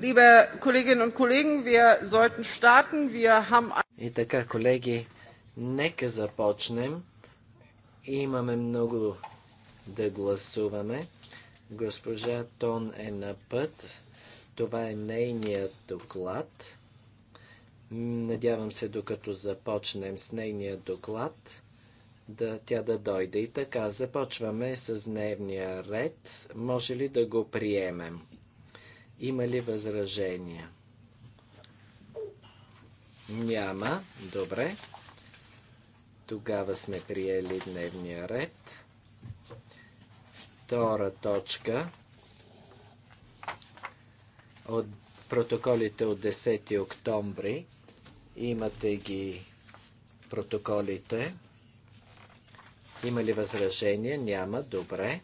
Liebe Kolleginnen und Kollegen, wir sollten starten. Wir haben... И така, колеги, нека започнем. Имаме много да гласуваме. Госпожа Тон е на път. Това е нейният доклад. Надявам се, докато започнем с нейния доклад, да тя да дойде. И така, започваме с дневния ред. Може ли да го приемем? Има ли възражения? Няма. Добре. Тогава сме приели дневния ред. Втора точка от протоколите от 10 октомври. Имате ги протоколите. Има ли възражение? Няма. Добре.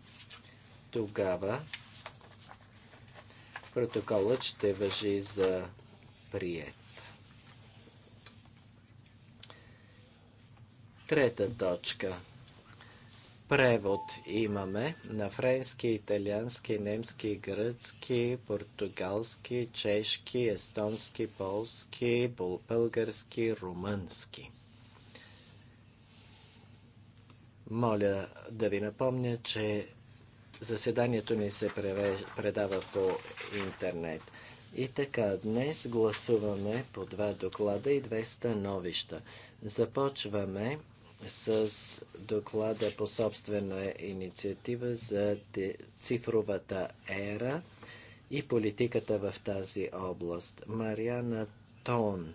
Тогава Протоколът ще въжи за прият. Трета точка. Превод имаме на френски, италиански, немски, гръцки, португалски, чешки, естонски, полски, български, румънски. Моля да ви напомня, че Заседанието ни се предава по интернет. И така, днес гласуваме по два доклада и две становища. Започваме с доклада по собствена инициатива за цифровата ера и политиката в тази област. Марияна Тон.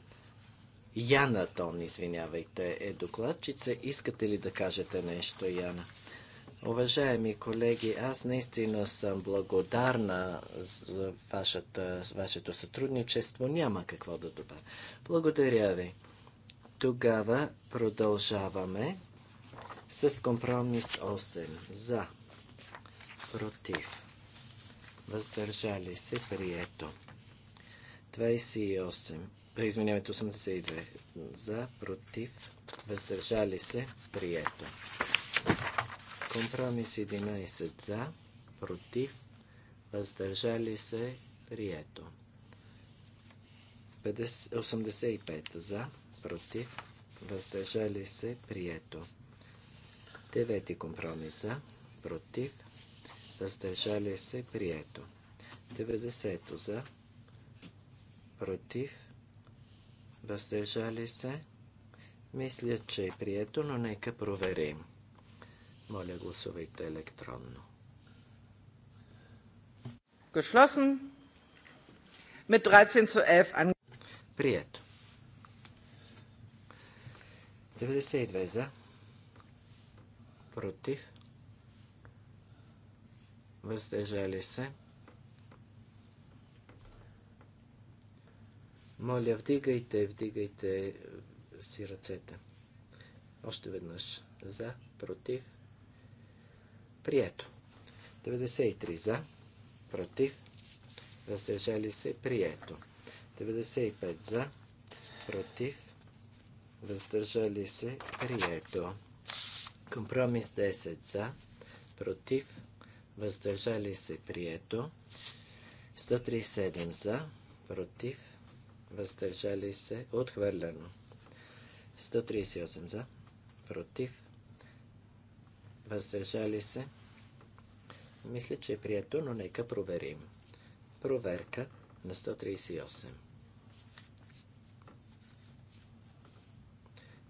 Яна Тон, извинявайте, е докладчица. Искате ли да кажете нещо, Яна? Уважаеми колеги, аз наистина съм благодарна за вашата, вашето сътрудничество. Няма какво да добавя. Благодаря ви. Тогава продължаваме с компромис 8. За. Против. Въздържали се. Прието. 28. Е, извинявайте, 82. За. Против. Въздържали се. Прието. Компромис 11 за, против, въздържали се, прието. 85 за, против, въздържали се, прието. Девети компромис за, против, въздържали се, прието. 90 за, против, въздържали се. Мисля, че е прието, но нека проверим. Моля, гласувайте електронно. Geschlossen. Mit 13 zu 11 an... Прието. 92 за. Против. Въздържали се. Моля, вдигайте, вдигайте си ръцете. Още веднъж. За, против, Прието. 93 за, против, въздържали се, прието. 95 за, против, въздържали се, прието. Компромис 10 за, против, въздържали се, прието. 137 за, против, въздържали се, отхвърлено. 138 за, против, въздържали се, мисля, че е прието, но нека проверим. Проверка на 138.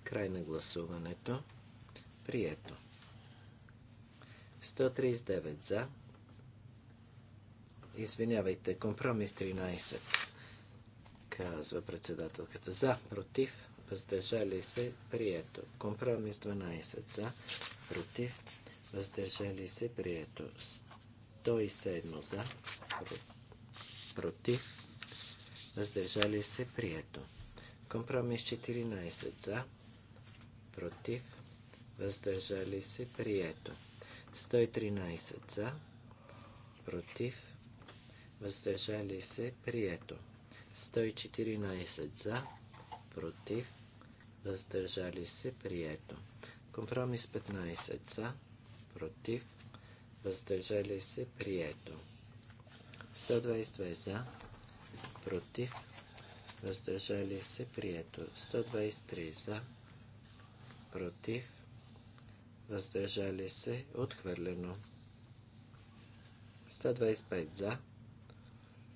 Край на гласуването. Прието. 139 за. Извинявайте, компромис 13. Казва председателката. За, против, въздържали се, прието. Компромис 12 за, против, въздържали се, прието. 107 за, против, въздържали се, прието. Компромис 14 за, против, въздържали се, прието. 113 за, против, въздържали се, прието. 114 за, против, въздържали се, прието. Компромис 15 за, против, въздържали се, прието. 122 за, против, въздържали се, прието. 123 за, против, въздържали се, отхвърлено. 125 за,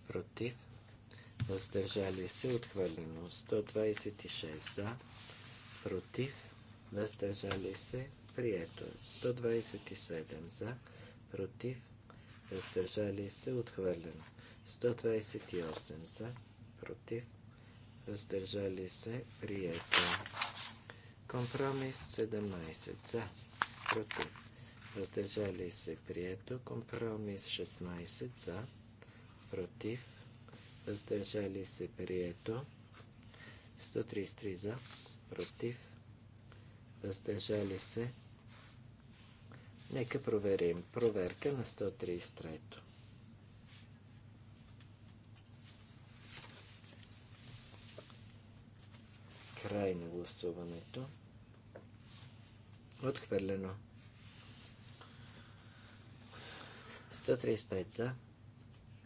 против, въздържали се, отхвърлено. 126 за, против, въздържали се, прието. 127 за, против, против, въздържали се, отхвърлено. 128 за, против, въздържали се, прието. Компромис 17 за, против, въздържали се, прието. Компромис 16 за, против, въздържали се, прието. 133 за, против, въздържали се, Нека проверим. Проверка на 133-то. Край на гласуването. Отхвърлено. 135 за.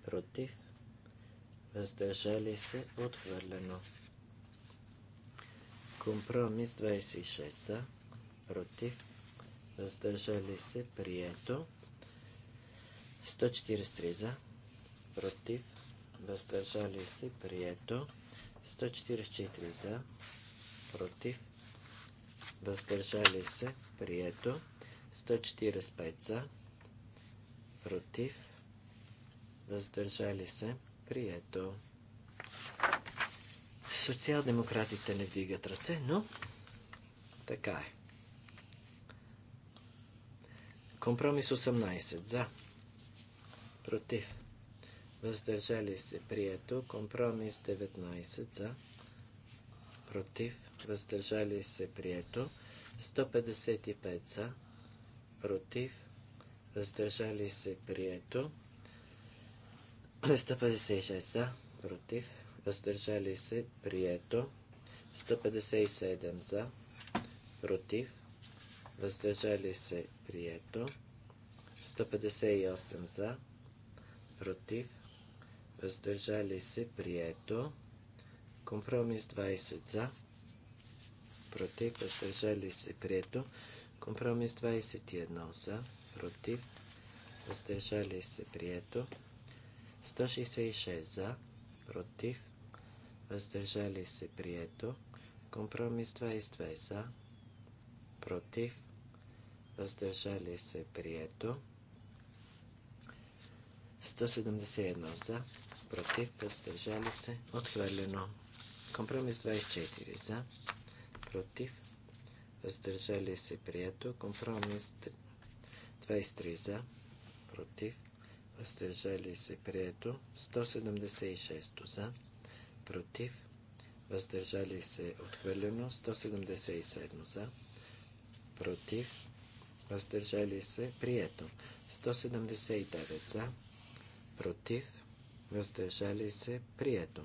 Против. Въздържали се. Отхвърлено. Компромис 26 за. Против въздържали се, прието. 143 за, против, въздържали се, прието. 144 за, против, въздържали се, прието. 145 за, против, въздържали се, прието. Социал-демократите не вдигат ръце, но така е. Компромис 18. За. Против. Въздържали се. Прието. Компромис 19. За. Против. Въздържали се. Прието. 155. За. Против. Въздържали се. Прието. 156. За. Против. Въздържали се. Прието. 157. За. Против въздържали се, прието. 158 за, против, въздържали се, прието. Компромис 20 за, против, въздържали се, прието. Компромис 21 за, против, въздържали се, прието. 166 за, против, въздържали се, прието. Компромис 22 за, против, въздържали се, прието. 171 за, против, въздържали се, отхвърлено. Компромис 24 за, против, въздържали се, прието. Компромис 23 за, против, въздържали се, прието. 176 за, против, въздържали се, отхвърлено. 177 за, против, въздържали се, прието. 179 за, против, въздържали се, прието.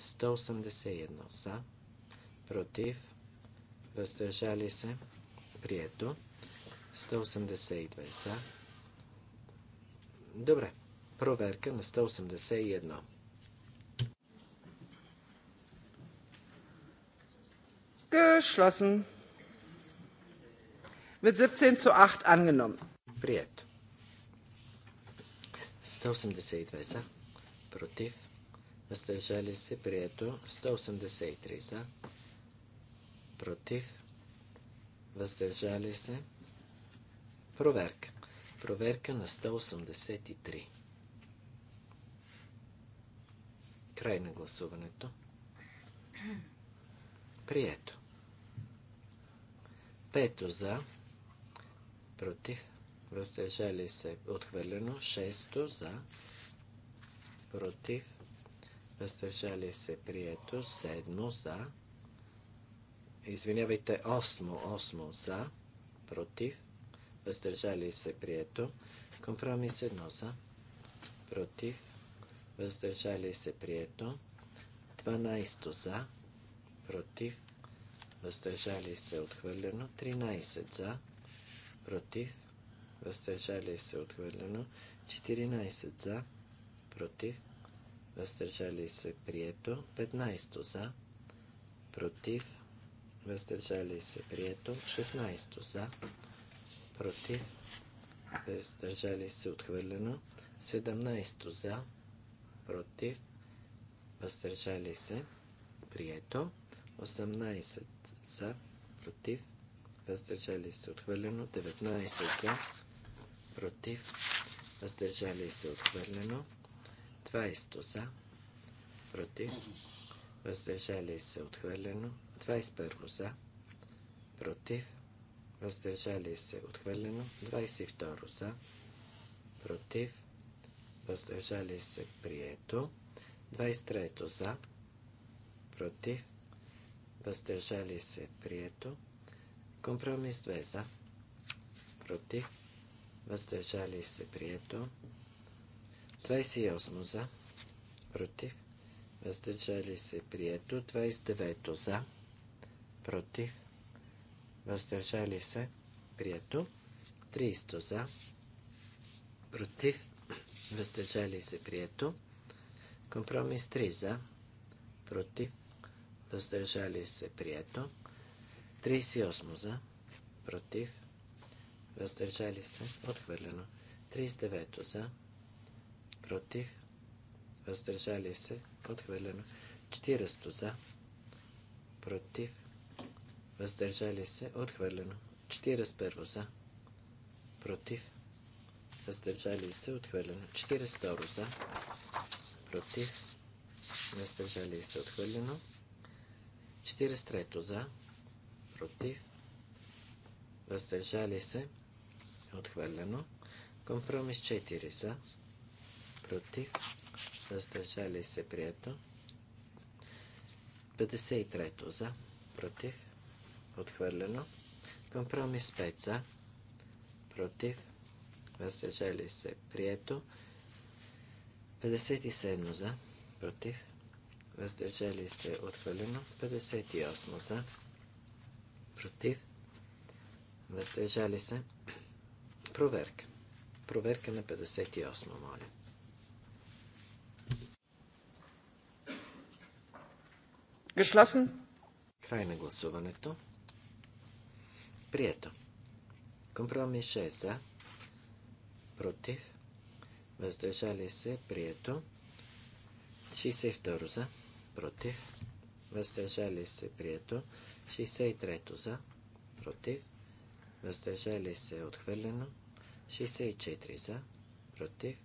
181 за, против, въздържали се, прието. 182 за. Добре, проверка на 181. Geschlossen mit 17 zu 8 angenommen. Прието. 182 за, против, въздържали се, прието. 183 за, против, въздържали се. Проверка. Проверка на 183. Край на гласуването. Прието. Пето за, против, въздържали се, отхвърлено. 6 за, против, въздържали се, прието. 7 за, извинявайте, 8, 8 за, против, въздържали се, прието. Компромис 1 за, против, въздържали се, прието. 12 за, против, въздържали се, отхвърлено. 13 за, против, въздържали се отхвърлено, 14 за, против, въздържали се прието, 15 за, против, въздържали се прието, 16 за, против, въздържали се отхвърлено, 17 за, против, въздържали се прието, 18 за, против, въздържали се отхвърлено, 19 за, против, въздържали се отхвърлено, 20 за, против, въздържали се отхвърлено, 21 за, против, въздържали се отхвърлено, 22 за, против, въздържали се прието, 23 за, против, въздържали се прието, Компромис 2 за. Против. Въздържали се. Прието. 28 за. Против. Въздържали се. Прието. 29 за. Против. Въздържали се. Прието. 30 за. Против. Въздържали се. Прието. Компромис 3 за. Против. Въздържали се. Прието. 38 за, против, въздържали се, отхвърлено. 39 за, против, въздържали се, отхвърлено. 40 за, против, въздържали се, отхвърлено. 41 за, против, въздържали се, отхвърлено. 42 за, против, въздържали се, отхвърлено. 43 за, против, въздържали се, отхвърлено. Компромис 4 за, против, въздържали се, прието. 53 за, против, отхвърлено. Компромис 5 за, против, въздържали се, прието. 57 за, против, въздържали се, отхвърлено. 58 за, против, въздържали се. Проверка. Проверка на 58, моля. Geschlossen. Край на гласуването. Прието. Компромис 6 за. Против. Въздържали се. Прието. 62 за. Против. Въздържали се. Прието. 63 за, против, въздържали се, отхвърлено. 64 за, против,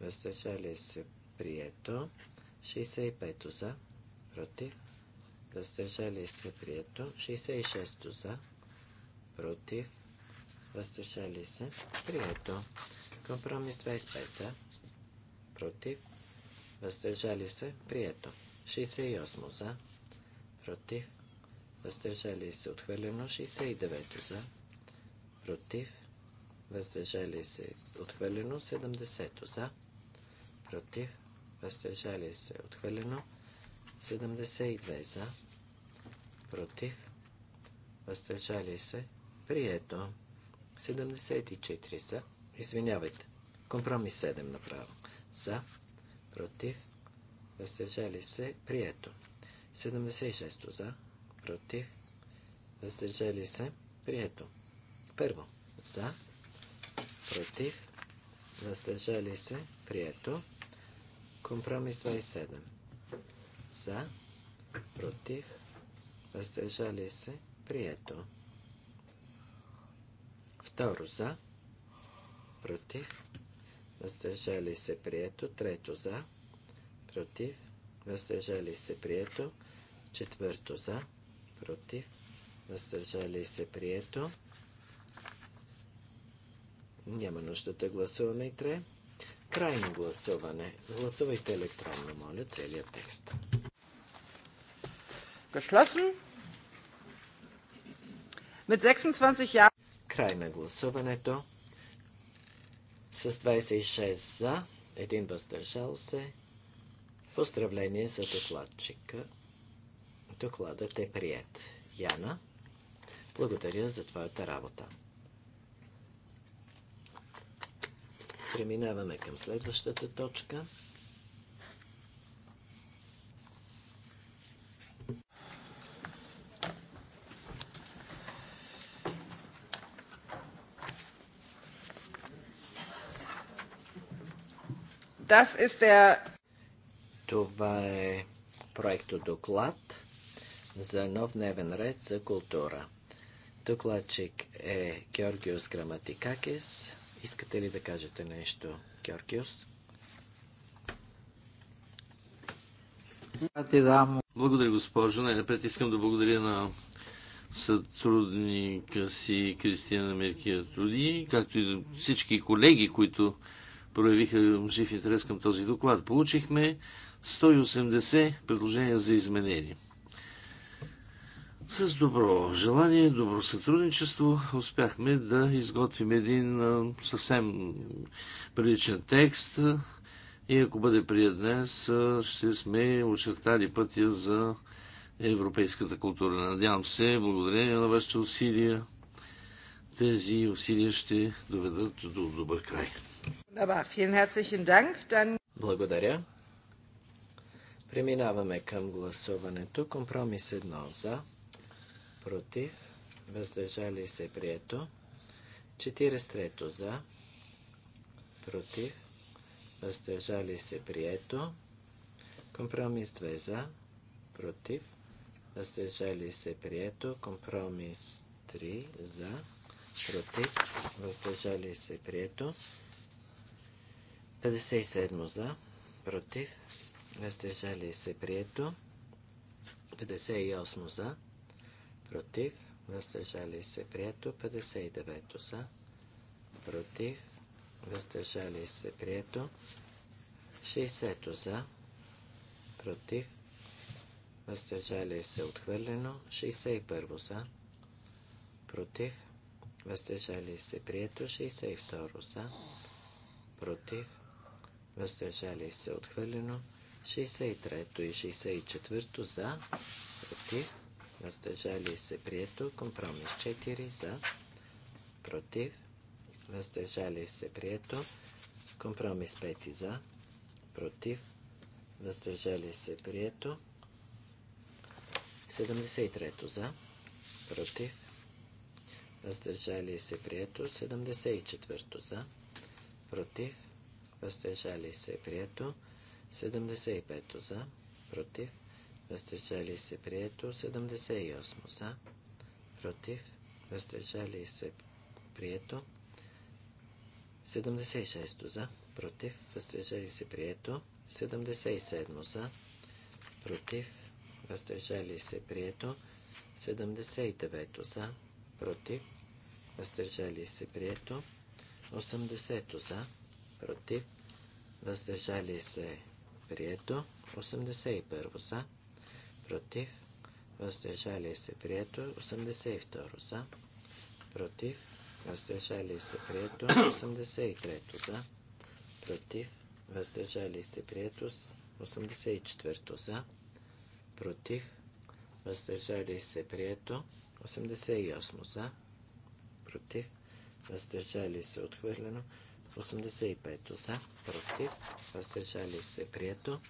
въздържали се, прието. 65 за, против, въздържали се, прието. 66 за, против, въздържали се, прието. Компромис 25 за, против, въздържали се, прието. 68 за, против, въздържали се, отхвърлено 69 за, против, въздържали се, отхвърлено 70 за, против, въздържали се, отхвърлено 72 за, против, въздържали се, прието 74 за, извинявайте, компромис 7 направо, за, против, въздържали се, прието 76 за, против, въздържали се, прието. Първо, за, против, въздържали се, прието. Компромис 27. За, против, въздържали се, прието. Второ, за, против, въздържали се, прието. Трето, за, против, въздържали се, прието. Четвърто, за, против, въздържали се прието. Няма нужда да гласуваме и тре. Крайно гласуване. Гласувайте електронно, моля, целият текст. Geschlossen. Mit 26 ja. Край на гласуването. С 26 за, един въздържал се. Поздравление за докладчика. Докладът е прият. Яна, благодаря за твоята работа. Преминаваме към следващата точка. Das ist der... Това е проекто доклад за нов дневен ред за култура. Докладчик е Георгиус Граматикакис. Искате ли да кажете нещо, Георгиус? Благодаря, госпожо. Най-напред искам да благодаря на сътрудника си Кристияна Меркия Труди, както и всички колеги, които проявиха жив интерес към този доклад. Получихме 180 предложения за изменение. С добро желание, добро сътрудничество успяхме да изготвим един съвсем приличен текст и ако бъде прият днес, ще сме очертали пътя за европейската култура. Надявам се, благодарение на вашите усилия, тези усилия ще доведат до добър край. Благодаря. Преминаваме към гласуването. Компромис едно за против, въздържали се прието. 43 за, против, въздържали се прието. Компромис 2 за, против, въздържали се прието. Компромис 3 за, против, въздържали се прието. 57 за, против, въздържали се прието. 58 за, против, въздържали се, прието. 59 за, против, въздържали се, прието. 60 за, против, въздържали се, отхвърлено. 61 за, против, въздържали се, прието. 62 за, против, въздържали се, отхвърлено. 63 и 64 за, против, въздържали се прието, компромис 4 за, против, въздържали се прието, компромис 5 за, против, въздържали се прието, 73 за, против, въздържали се прието, 74 за, против, въздържали се прието, 75 за, против, въздържали се прието, 78 за, против, въздържали се прието, 76 за, против, въздържали се прието, 77 за, против, въздържали се прието, 79 за, против, въздържали се прието, 80 за, против, въздържали се прието, 81 за, против, въздържали се, прието. 82 за, против, въздържали се, прието. 83 за, против, въздържали се, прието. 84 за, против, въздържали се, прието. 88 за, против, въздържали се, отхвърлено. 85 за, против, въздържали се, прието.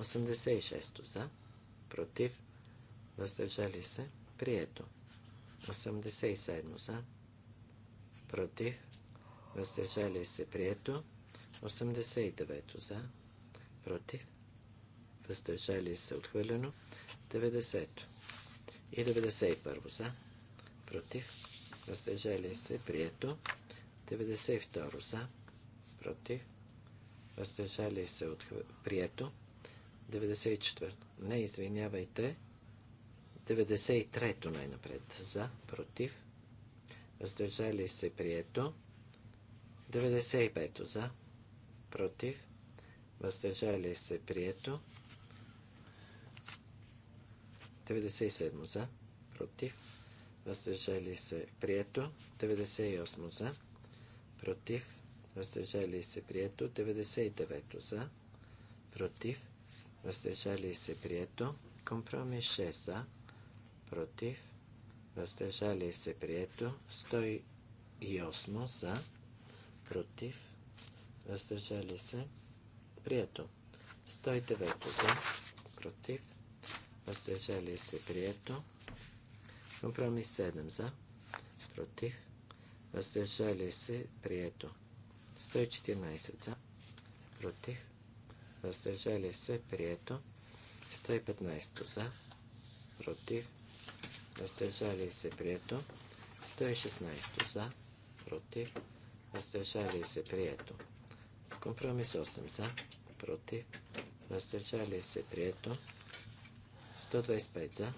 86 за, против, въздържали се, прието. 87 за, против, въздържали се, прието. 89 за, против, въздържали се, отхвърлено. 90 и 91 за, против, въздържали се, прието. 92 за, против, въздържали се, отхв... прието. 94. Не, извинявайте. 93-то най-напред. За, против. Въздържали се прието. 95-то за, против. Въздържали се прието. 97 за, против. Въздържали се прието. 98 за, против. Въздържали се прието. 99 за, против въздържали се прието. Компромис 6 за, против, въздържали се прието. 108 за, против, въздържали се прието. 109 за, против, въздържали се прието. Компромис 7 за, против, въздържали се прието. 114 за, против, въздържали се, прието. 115 за, против, въздържали се, прието. 116 за, против, въздържали се, прието. Компромис 8 за, против, въздържали се, прието. 125 за,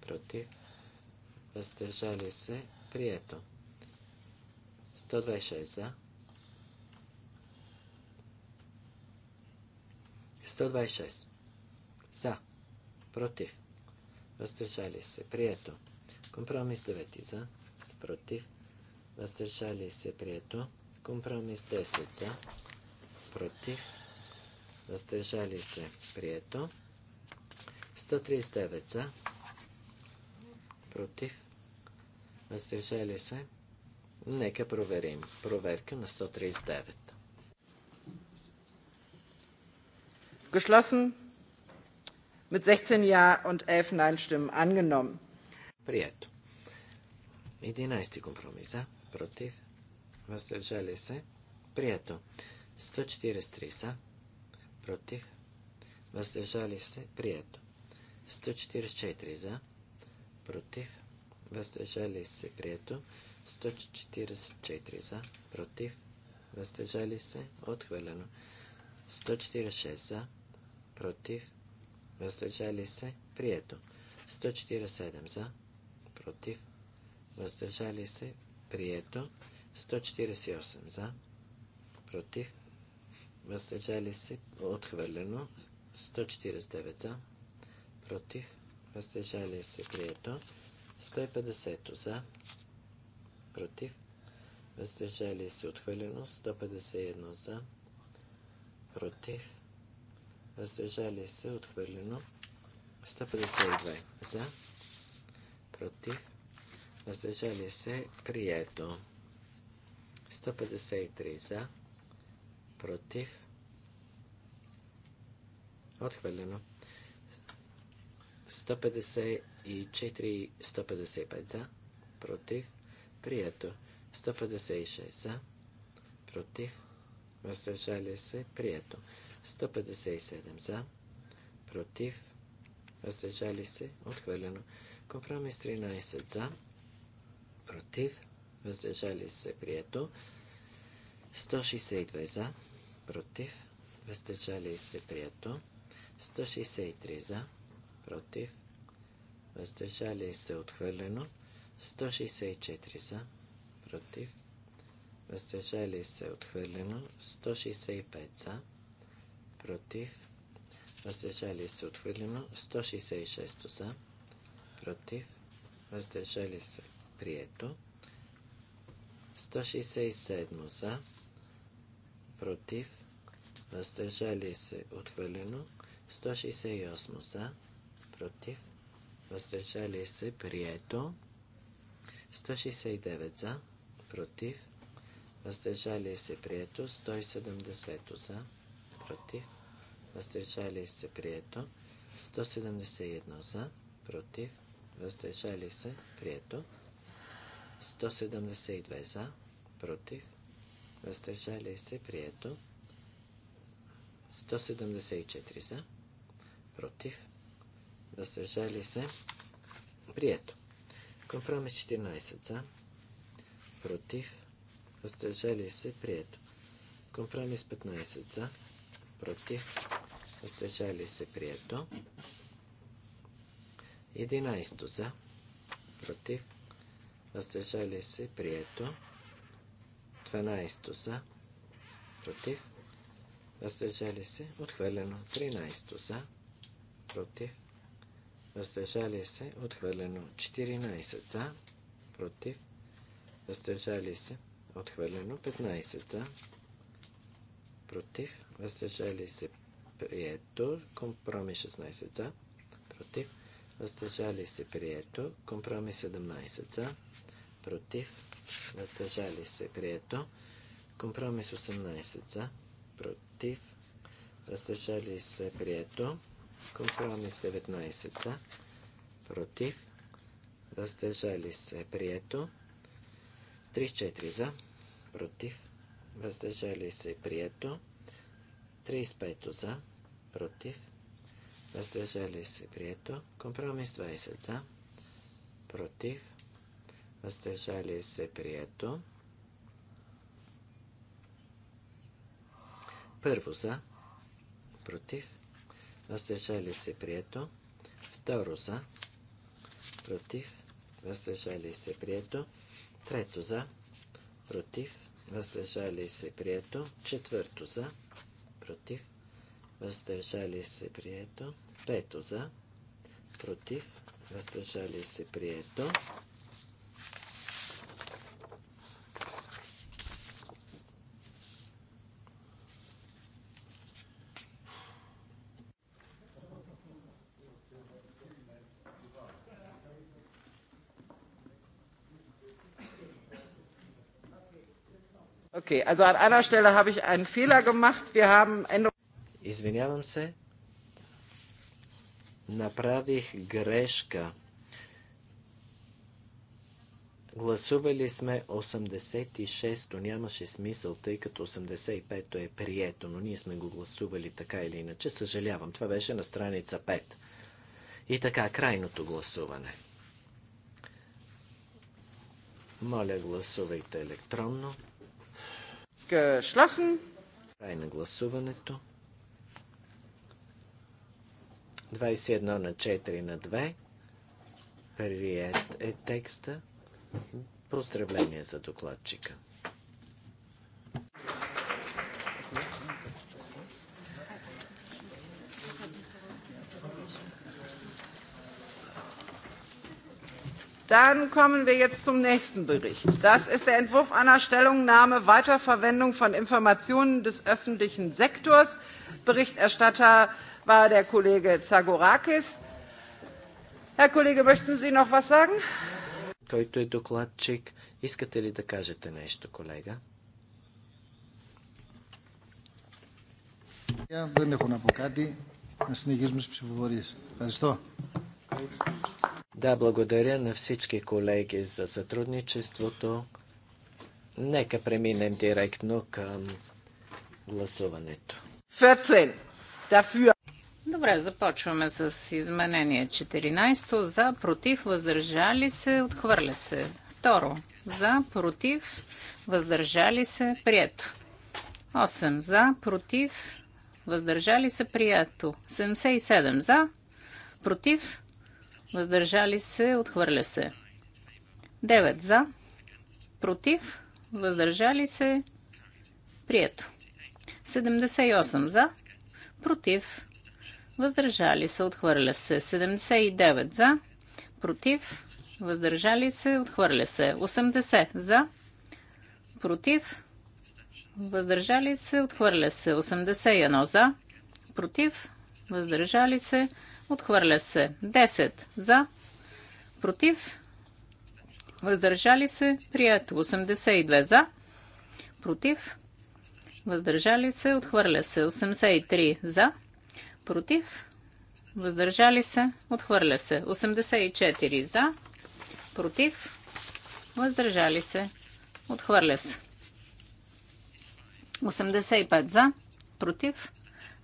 против, въздържали се, прието. 126 за, 126. За. Против. Въздържали се. Прието. Компромис 9. За. Против. Въздържали се. Прието. Компромис 10. За. Против. Въздържали се. Прието. 139. За. Против. Въздържали се. Нека проверим. Проверка на 139. Geschlossen. Mit 16 Ja und 11 Nein-Stimmen angenommen. Прието. 11 компромиса. Против. Въздържали се. Прието. 143 са. Против. Въздържали се. Прието. 144 за. Против. Въздържали се. Прието. 144 за. Против. Въздържали се. Отхвърлено. 146 за против, въздържали се, прието. 147 за, против, въздържали се, прието. 148 за, против, въздържали се, отхвърлено. 149 за, против, въздържали се, прието. 150 за, против, въздържали се, отхвърлено. 151 за, против, въздържали се, отхвърлено. 152 за, против, въздържали се, прието. 153 за, против, отхвърлено. 154, 155 за, против, прието. 156 за, против, въздържали се, прието. 157 за, против, въздържали се, отхвърлено. Компромис 13 за, против, въздържали се, прието. 162 за, против, въздържали се, прието. 163 за, против, въздържали се, отхвърлено. 164 за, против, въздържали се, отхвърлено. 165 за, против, въздържали се отхвърлено, 166 за, против, въздържали се прието, 167 за, против, въздържали се отхвърлено, 168 за, против, въздържали се прието, 169 за, против, въздържали се прието, 170 за, против, въздържали се, прието. 171 за, против, въздържали се, прието. 172 за, против, въздържали се, прието. 174 за, против, въздържали се, прието. Компромис 14 за, против, въздържали се, прието. Компромис 15 за, против, въздържали се прието. 11 за, против, въздържали се прието. 12 за, против, въздържали се отхвърлено. 13 за, против, въздържали се отхвърлено. 14 за, против, въздържали се отхвърлено. 15 за, против, въздържали се прието, компромис 16 за, против, въздържали се прието, компромис 17 за, против, въздържали се прието, компромис 18 за, против, въздържали се прието, компромис 19 за, против, въздържали се прието, 34 за, против, въздържали се прието, 35 за, против, въздържали се прието, компромис 20 за, против, въздържали се прието, първо за, против, въздържали се прието, второ за, против, въздържали се прието, трето за, против, въздържали се прието, четвърто за, против, въздържали се прието, пето за, против, въздържали се прието, Okay, also an einer Stelle habe ich einen Fehler gemacht. Wir haben Извинявам се. Направих грешка. Гласували сме 86-то. Нямаше смисъл, тъй като 85-то е прието, но ние сме го гласували така или иначе. Съжалявам, това беше на страница 5. И така, крайното гласуване. Моля, гласувайте електронно. Geschlossen. Край на гласуването. 21 на 4 на 2. Прият е текста. Поздравление за докладчика. Dann kommen wir jetzt zum nächsten Bericht. Das ist der Entwurf einer Stellungnahme Weiterverwendung von Informationen des öffentlichen Sektors. Berichterstatter war der Kollege Zagorakis. Herr Kollege, möchten Sie noch etwas sagen? Ja, dann докладчик, искате ли да кажете нещо, колега? Δεν έχω να πω да, благодаря на всички колеги за сътрудничеството. Нека преминем директно към гласуването. Добре, започваме с изменение 14. За, против, въздържали се, отхвърля се. Второ. За, против, въздържали се, прието. 8. За, против, въздържали се, прието. 77. За, против, въздържали се, отхвърля се. 9 за, против, въздържали се, прието. 78 за, против, въздържали се, отхвърля се. 79 за, против, въздържали се, отхвърля се. 80 за, против, въздържали се, отхвърля се. 81 за, против, въздържали се, Отхвърля се. 10 за. Против. Въздържали се. Прието. 82 за. Против. Въздържали се. Отхвърля се. 83 за. Против. Въздържали се. Отхвърля се. 84 за. Против. Въздържали се. Отхвърля се. 85 за. Против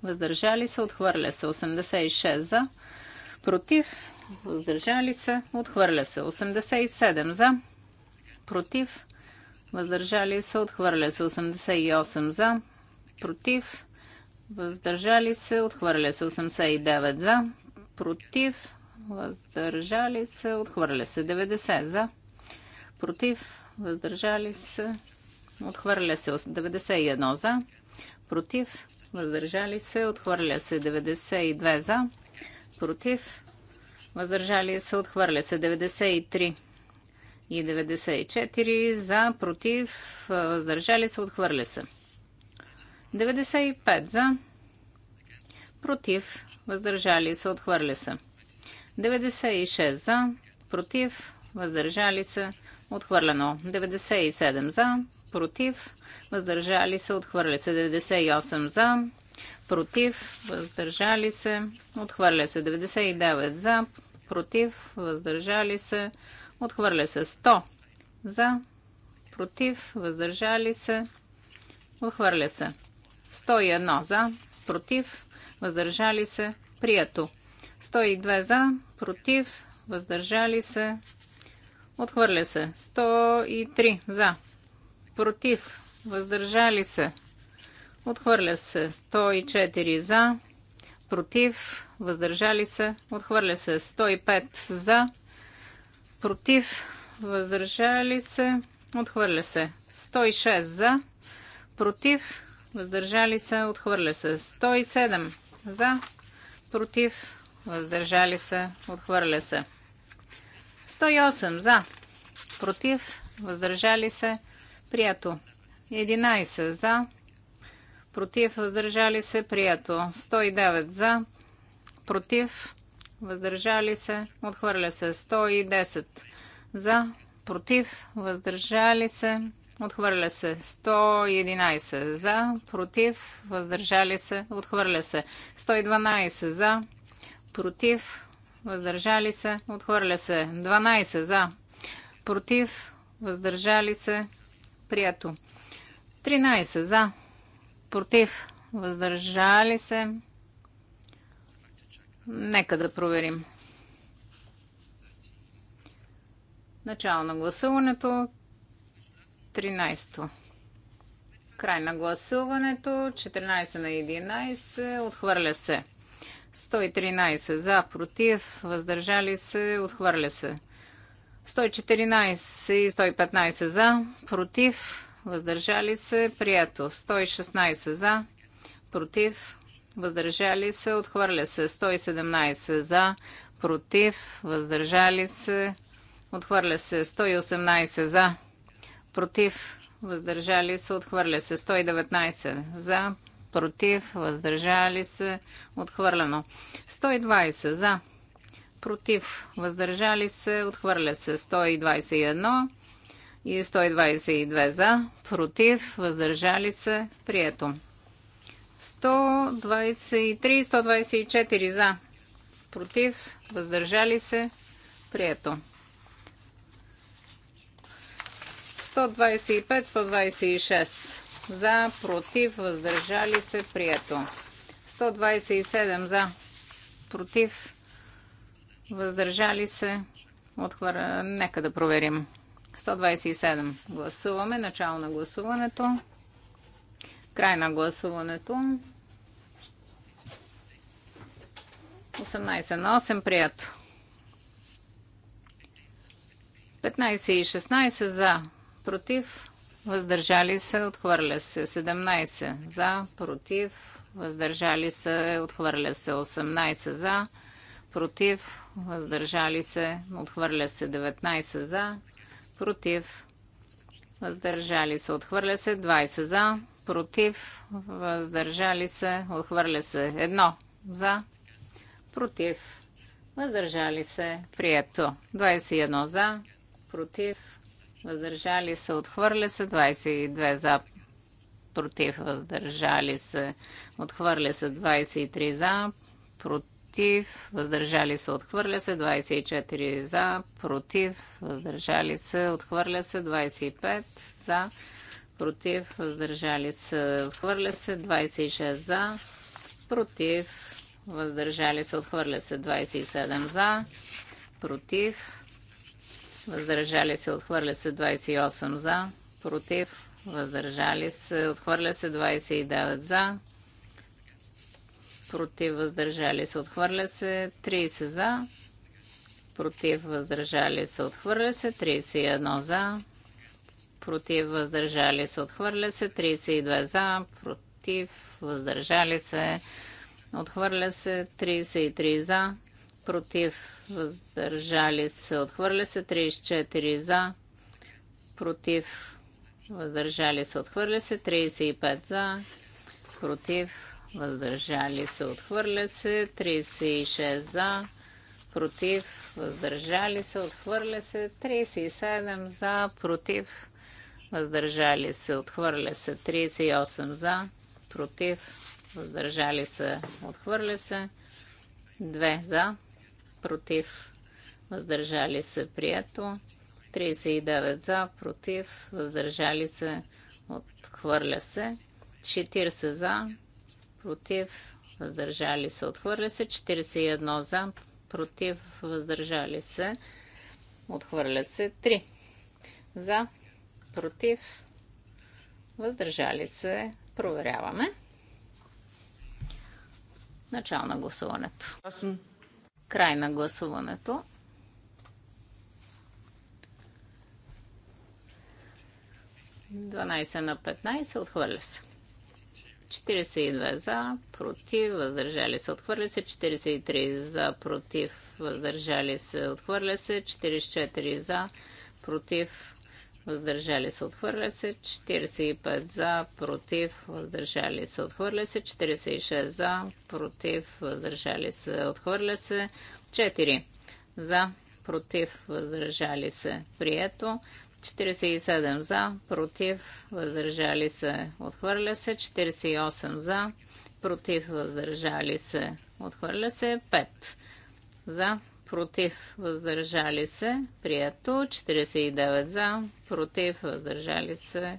въздържали се, отхвърля се. 86 за, против, въздържали се, отхвърля се. 87 за, против, въздържали се, отхвърля се. 88 за, против, въздържали се, отхвърля се. 89 за, против, въздържали се, отхвърля се. 90 за, против, въздържали се, отхвърля се. 91 за, против, въздържали се, отхвърля се 92 за, против, въздържали се, отхвърля се 93 и 94 за, против, въздържали се, отхвърля се. 95 за, против, въздържали се, отхвърля се. 96 за, против, въздържали се, отхвърлено. 97 за, против, въздържали се, отхвърля се 98 за, против, въздържали се, отхвърля се 99 за, против, въздържали се, отхвърля се 100 за, против, въздържали се, отхвърля се 101 за, против, въздържали се, прието 102 за, против, въздържали се, отхвърля се 103 за, против, въздържали се. Отхвърля се 104 за, против, въздържали се. Отхвърля се 105 за, против, въздържали се. Отхвърля се 106 за, против, въздържали се. Отхвърля се 107 за, против, въздържали се. Отхвърля се 108 за, против, въздържали се. Прието. 11 за. Против. Въздържали се. Прието. 109 за. Против. Въздържали се. Отхвърля се. 110 за. Против. Въздържали се. Отхвърля се 111 за, против, въздържали се, отхвърля се 112 за, против, въздържали се, отхвърля се 12 за, против, въздържали се, Прието. 13 за. Против. Въздържали се. Нека да проверим. Начало на гласуването. 13. Край на гласуването. 14 на 11. Отхвърля се. 113 за, против, въздържали се, отхвърля се. 114 и 115 за, против, въздържали се, прието. 116 за, против, въздържали се, отхвърля се. 117 за, против, въздържали се, отхвърля се. 118 за, против, въздържали се, отхвърля се. 119 за, против, въздържали се, отхвърлено. 120 за, против, против, въздържали се, отхвърля се 121 и 122 за, против, въздържали се, прието. 123, 124 за, против, въздържали се, прието. 125, 126 за, против, въздържали се, прието. 127 за, против, Въздържали се? Отхвър... Нека да проверим. 127. Гласуваме. Начало на гласуването. Край на гласуването. 18 на 8. Прието. 15 и 16 за. Против. Въздържали се. Отхвърля се. 17 за. Против. Въздържали се. Отхвърля се. 18 за против, въздържали се, отхвърля се 19 за, против, въздържали се, отхвърля се 20 за, против, въздържали се, отхвърля се 1 за, против, въздържали се, прието 21 за, против, въздържали се, отхвърля се 22 за, против, въздържали се, отхвърля се 23 за, против, против, въздържали се, отхвърля се, 24 за, против, въздържали се, отхвърля се, 25 за, против, въздържали се, отхвърля се, 26 за, против, въздържали се, отхвърля се, 27 за, против, въздържали се, отхвърля се, 28 за, против, въздържали се, отхвърля се, 29 за, против, въздържали се, отхвърля се. 30 за, против, въздържали се, отхвърля се. 31 за, против, въздържали се, отхвърля се. 32 за, против, въздържали се, отхвърля се. 33 за, против, въздържали се, отхвърля се. 34 за, против, въздържали се, отхвърля се. 35 за, против, въздържали се, отхвърля се. 36 за, против, въздържали се, отхвърля се. 37 за, против, въздържали се, отхвърля се. 38 за, против, въздържали се, отхвърля се. 2 за, против, въздържали се, прието. 39 за, против, въздържали се, отхвърля се. 40 за, против, въздържали се, отхвърля се. 41 за, против, въздържали се, отхвърля се. 3 за, против, въздържали се, проверяваме. Начало на гласуването. Край на гласуването. Дванайсет на 15 отхвърля се. 42 за, против, въздържали се, отхвърля се. 43 за, против, въздържали се, отхвърля се. 44 за, против, въздържали се, отхвърля се. 45 за, против, въздържали се, отхвърля се. 46 за, против, въздържали се, отхвърля се. 4 за, против, въздържали се, прието. 47 за, против, въздържали се, отхвърля се. 48 за, против, въздържали се, отхвърля се. 5 за, против, въздържали се, прието. 49 за, против, въздържали се,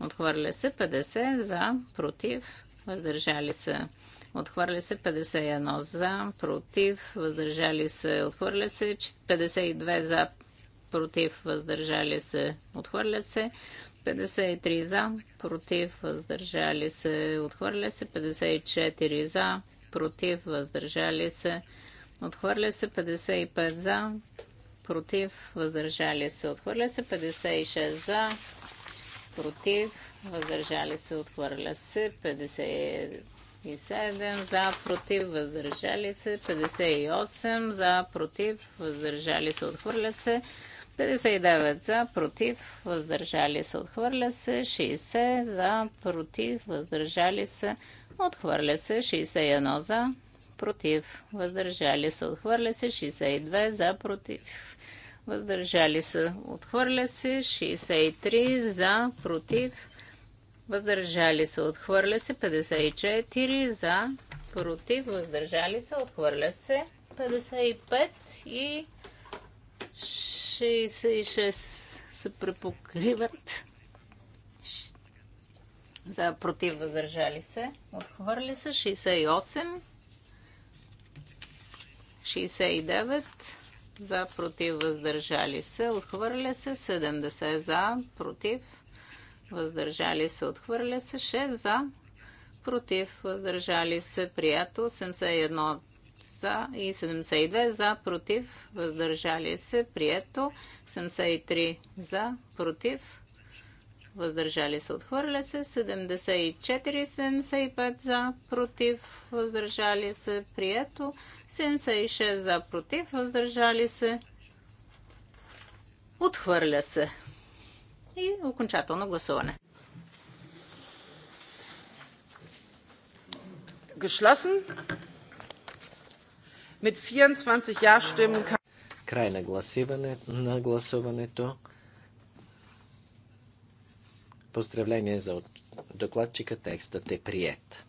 отхвърля се. 50 за, против, въздържали се, отхвърля се. 51 за, против, въздържали се, отхвърля се. 52 за, против, въздържали се, отхвърля се. 53 за, против, въздържали се, отхвърля се. 54 за, против, въздържали се, отхвърля се. 55 за, против, въздържали се, отхвърля се. 56 за, против, въздържали се, отхвърля се. 50 и 7 за, против, въздържали се, 58 за, против, въздържали се, отхвърля се, 59 за, против, въздържали се, отхвърля се. 60 за, против, въздържали се, отхвърля се. 61 за, против, въздържали се, отхвърля се. 62 за, против, въздържали се, отхвърля се. 63 за, против, въздържали се, отхвърля се. 54 за, против, въздържали се, отхвърля се. 55 и 66 се препокриват. За против въздържали се. Отхвърли се 68. 69 за против въздържали се. Отхвърля се 70 за против въздържали се. Отхвърля се 6 за против въздържали се. Прието 81 за и 72 за, против, въздържали се, прието. 73 за, против, въздържали се, отхвърля се. 74, 75 за, против, въздържали се, прието. 76 за, против, въздържали се, отхвърля се. И окончателно гласуване. Geschlossen. Mit 24 Ja-Stimmen kann... Край на, гласиване, на гласуването. Поздравление за докладчика. Текстът е прият.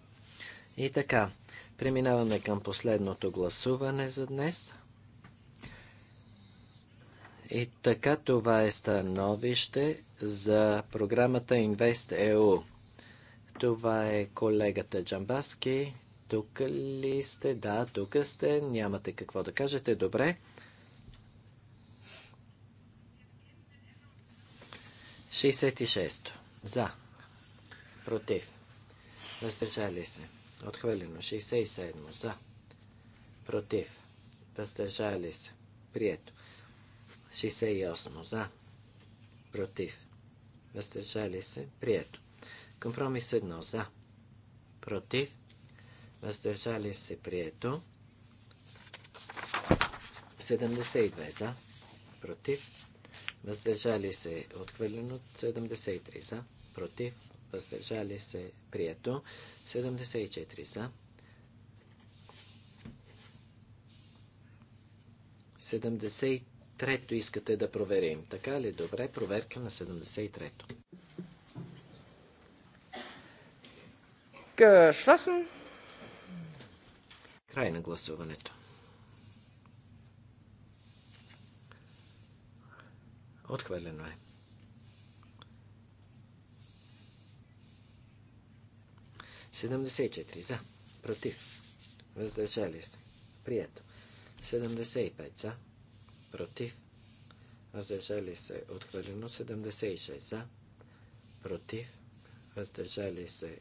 И така, преминаваме към последното гласуване за днес. И така това е становище за програмата InvestEU. Това е колегата Джамбаски. Тук ли сте? Да, тук сте. Нямате какво да кажете. Добре. Шестдесет и шесто. За. Против. Въздържали се. Отхвърлено. 67. За. Против. Въздържали се. Прието. 68. За. Против. Въздържали се. Прието. Компромис 1. За. Против въздържали се прието. 72 за, против, въздържали се отхвърлено. 73 за, против, въздържали се прието. 74 за. 73-то искате да проверим. Така ли? Добре, проверка на 73-то. Geschlossen. Край на гласуването. Отхвърлено е. Седемдесет четири за. Против. Въздържали се. Прието. 75 за. Против. Въздържали се. Отхвърлено. 76 за. Против. Въздържали се.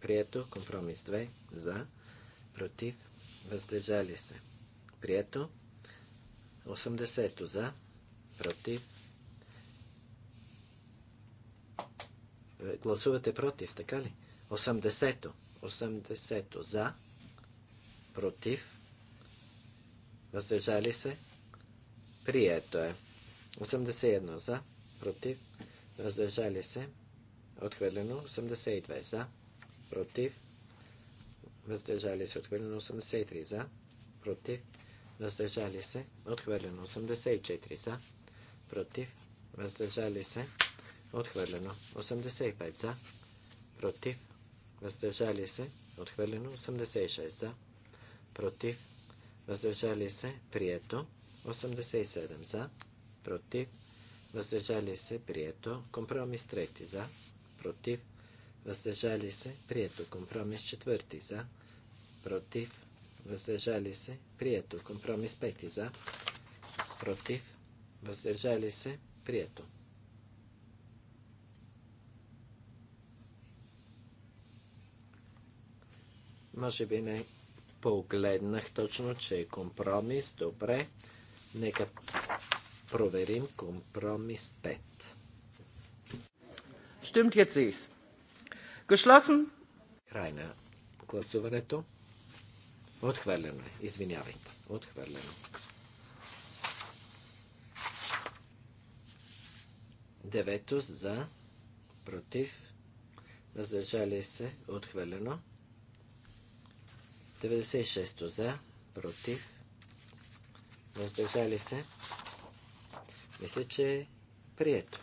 Прието. Компромис 2 за. Против въздържали се. Прието. 80 за, против. Е, гласувате против, така ли? 80-то. 80-то за, против, въздържали се, прието е. 81 за, против, въздържали се, отхвърлено. 82 за, против, въздържали се, отхвърлено 83 е за, против, въздържали се, отхвърлено 84 е за, против, въздържали се, отхвърлено 85 е за, против, въздържали се, отхвърлено 86 за, против, въздържали се, прието 87 за, против, въздържали се, прието, компромис 3 за, против, въздържали се, прието, компромис 4 за, против, въздържали се, прието. Компромис 5 за, против, въздържали се, прието. Може би не погледнах точно, че е компромис. Добре. Нека проверим компромис 5. Stimmt jetzt ist. Geschlossen. Край на гласуването. Отхвърлено е. Извинявайте. Отхвърлено. 9 за, против, въздържали се, отхвърлено. 96 за, против, въздържали се. Мисля, че е прието.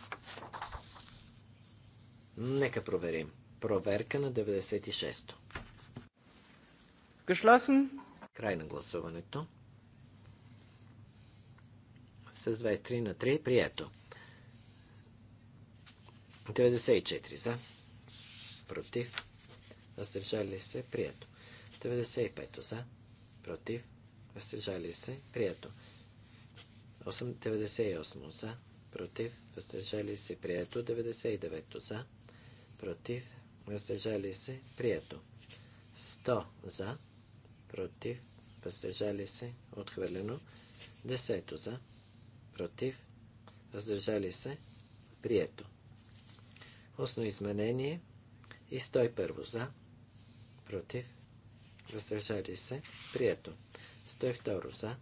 Нека проверим. Проверка на 96-то. Geschlossen. Край на гласуването. С 23 на 3 прието. 94 за. Против. Въздържали се. Прието. 95 за. Против. Въздържали се. Прието. 98 за. Против. Въздържали се. Прието. 99 за. Против. Въздържали се. Прието. 100 за против, въздържали се, отхвърлено. 10 за, против, въздържали се, прието. Осно изменение и 101 за, против, въздържали се, прието. 102 за,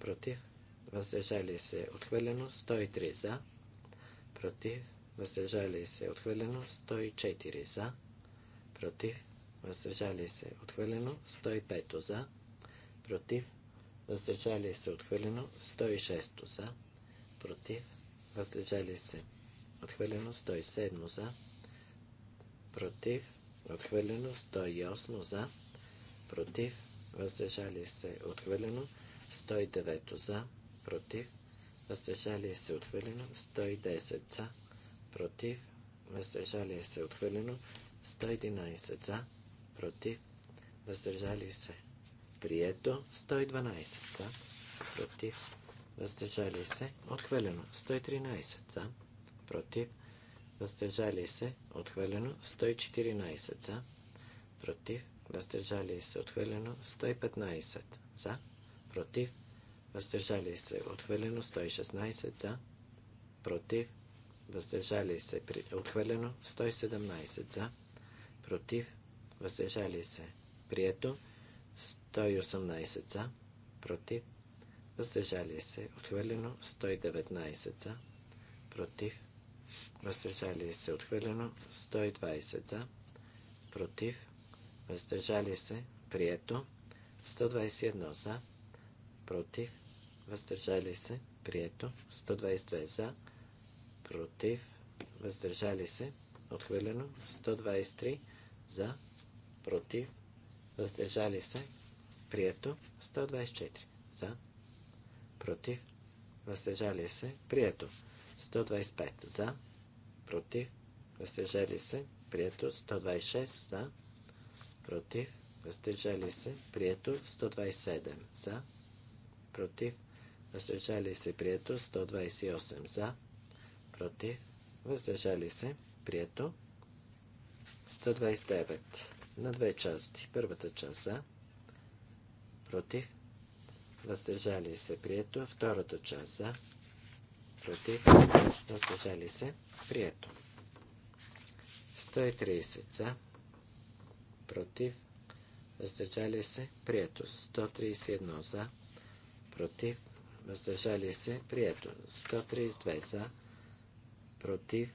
против, въздържали се, отхвърлено. 103 за, против, въздържали се, отхвърлено. 104 за, против, въздържали се отхвърлено, 105 за, против, въздържали се отхвърлено, 106 за, против, въздържали се отхвърлено, 107 за, против, отхвърлено, 108 за, против, въздържали се отхвърлено, 109 за, против, въздържали се отхвърлено, 110 за, против, въздържали се отхвърлено, 111 за, против, въздържали се. Прието 112 за, против, въздържали се. Отхвърлено 113 за, против, въздържали се. Отхвърлено 114 за, против, въздържали се. Отхвърлено 115 за, против, въздържали се. Отхвърлено 116 за, против, въздържали се. Отхвърлено 117 за, против, въздържали се, прието. 118 за, против, въздържали се, отхвърлено. 119 за, против, въздържали се, отхвърлено. 120 за, против, въздържали се, прието. 121 за, против, въздържали се, прието. 122 за, против, въздържали се, отхвърлено. 123 за, против, въздържали се, прието. 124 за, против, въздържали се, прието. 125 за, против, въздържали се, прието. 126 за, против, въздържали се, прието. 127 за, против, въздържали се, прието. 128 за, против, въздържали се, прието. 129 на две части. Първата част за, против, въздържали се, прието. Втората част за, против, въздържали се, прието. 130 за, против, въздържали се, прието. 131 за, против, въздържали се, прието. 132 за, против,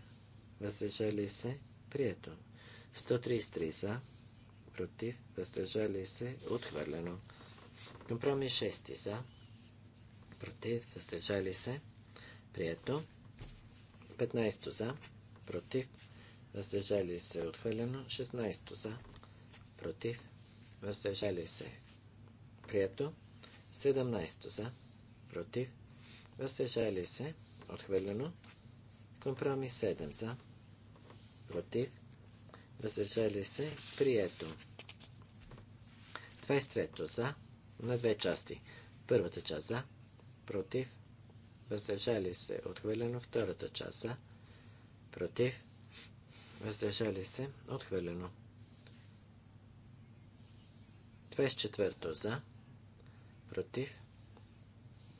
въздържали се, прието. 133 за, против, въздържали се, отхвърлено. Компромис 6 за, против, въздържали се, прието. 15 за, против, въздържали се, отхвърлено. 16 за, против, въздържали се, прието. 17 за, против, въздържали се, отхвърлено. Компромис 7 за, против, въздържали се, прието. 23-то за на две части. Първата част за, против, въздържали се, отхвърлено. Втората част за, против, въздържали се, отхвърлено. 24 за, против,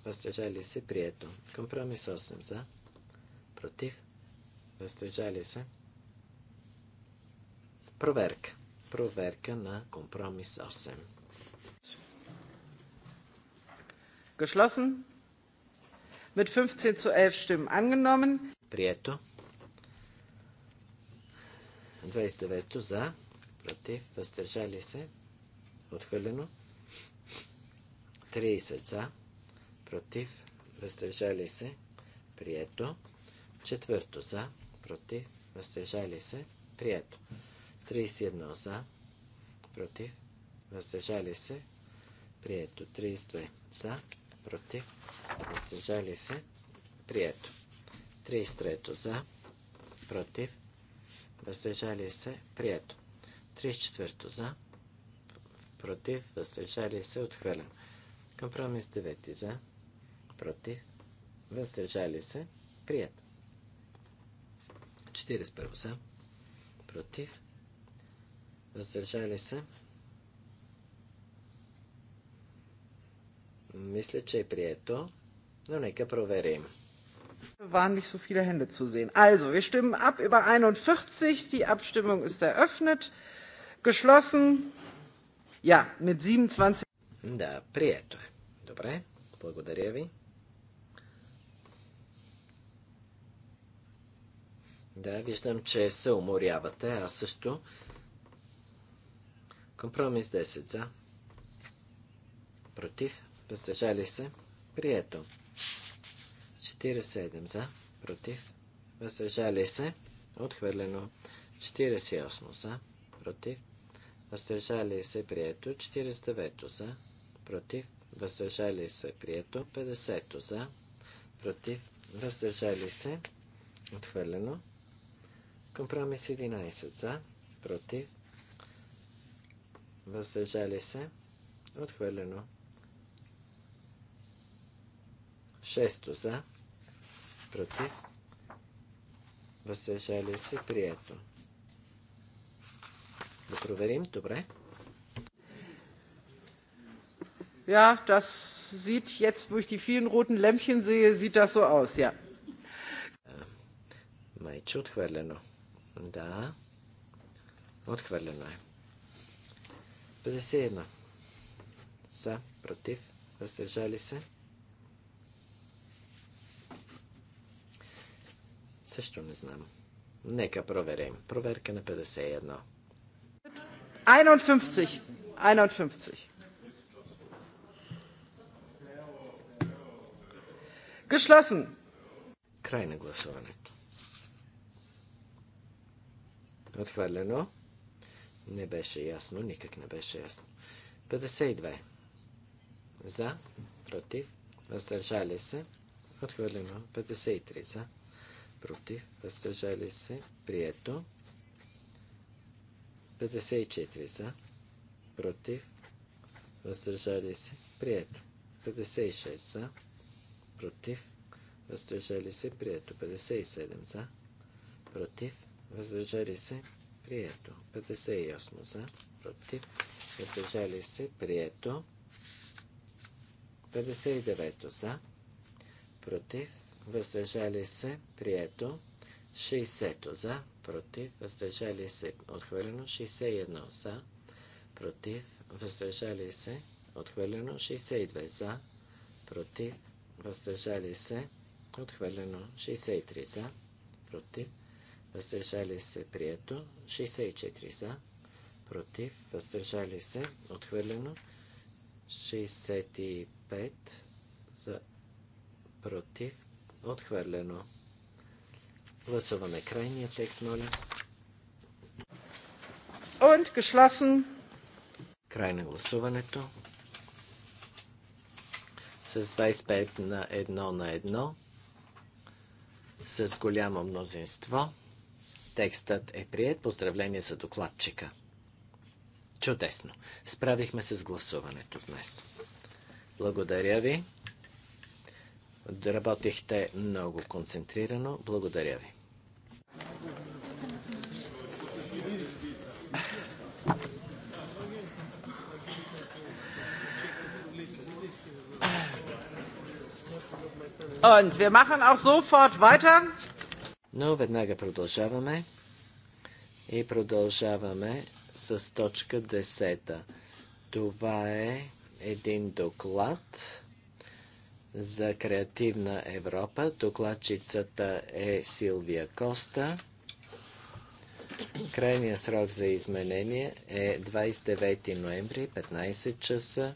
въздържали се, прието. Компромис 8 за, против, въздържали се. Проверка. Проверка на компромис 8. Geschlossen. Mit 15 zu 11 Stimmen angenommen. Прието. 29 за, против, въздържали се, отхвърлено. 30 за, против, въздържали се, прието. Четвърто за, против, въздържали се, прието. 31 за, против, въздържали се, прието. 32 за, против, въздържали се, прието. 33 за, против, въздържали се, прието. 34 за, против, въздържали се, отхвърлено. Компромис 9 за, против, въздържали се, прието. 41 за, против, въздържали се, Мисля, че е прието, но нека проверим. Waren nicht so viele Hände zu sehen. Also, wir stimmen ab über 41. Die Abstimmung ist eröffnet. Geschlossen. Ja, mit 27. Da, prieto. Dobre, благодаря ви. Да, виждам, че се уморявате, аз също. Компромис 10 за. Против въздържали се, прието. 47 за, против, въздържали се, отхвърлено. 48 за, против, въздържали се, прието. 49 за, против, въздържали се, прието. 50 за, против, въздържали се, отхвърлено. Компромис 11 за, против, въздържали се, отхвърлено. Шесто за, против, въздържали се, прието. Да проверим, добре. Ja, das sieht jetzt, wo ich die vielen roten Lämpchen sehe, sieht das so aus, ja. Майче отхвърлено. Да. Отхвърлено е. 51. За, против, въздържали се. Също не знам. Нека проверим. Проверка на 51. 51. 51. Geschlossen. Край на гласуването. Отхвърлено. Не беше ясно, никак не беше ясно. 52. За, против, въздържали се. Отхвърлено. 53 за против, въздържали се, прието. 54 за, против, въздържали се, прието. 56 за, против, въздържали се, прието. 57 за, против, въздържали се, прието. 58 за, против, въздържали се, прието. 59 за, против, въздържали се, прието. 60 за, против, въздържали се, отхвърлено. 61 за, против, въздържали се, отхвърлено. 62 за, против, въздържали се, отхвърлено. 63 за, против, въздържали се, прието. 64 за, против, въздържали се, отхвърлено. 65 за, против, Отхвърлено. Гласуваме крайния текст, моля. Und geschlossen. Край на гласуването. С 25 на 1 на 1. С голямо мнозинство. Текстът е прият. Поздравление за докладчика. Чудесно. Справихме се с гласуването днес. Благодаря ви. Работихте много концентрирано. Благодаря ви. Und wir machen auch sofort weiter. Но веднага продължаваме. И продължаваме с точка 10. Това е един доклад за креативна Европа. Докладчицата е Силвия Коста. Крайният срок за изменение е 29 ноември, 15 часа.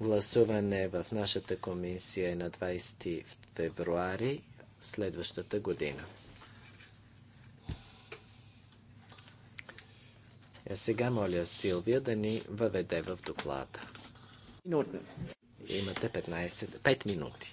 Гласуване в нашата комисия е на 20 февруари следващата година. А сега моля Силвия да ни въведе в доклада. Имате 15, 5 минути.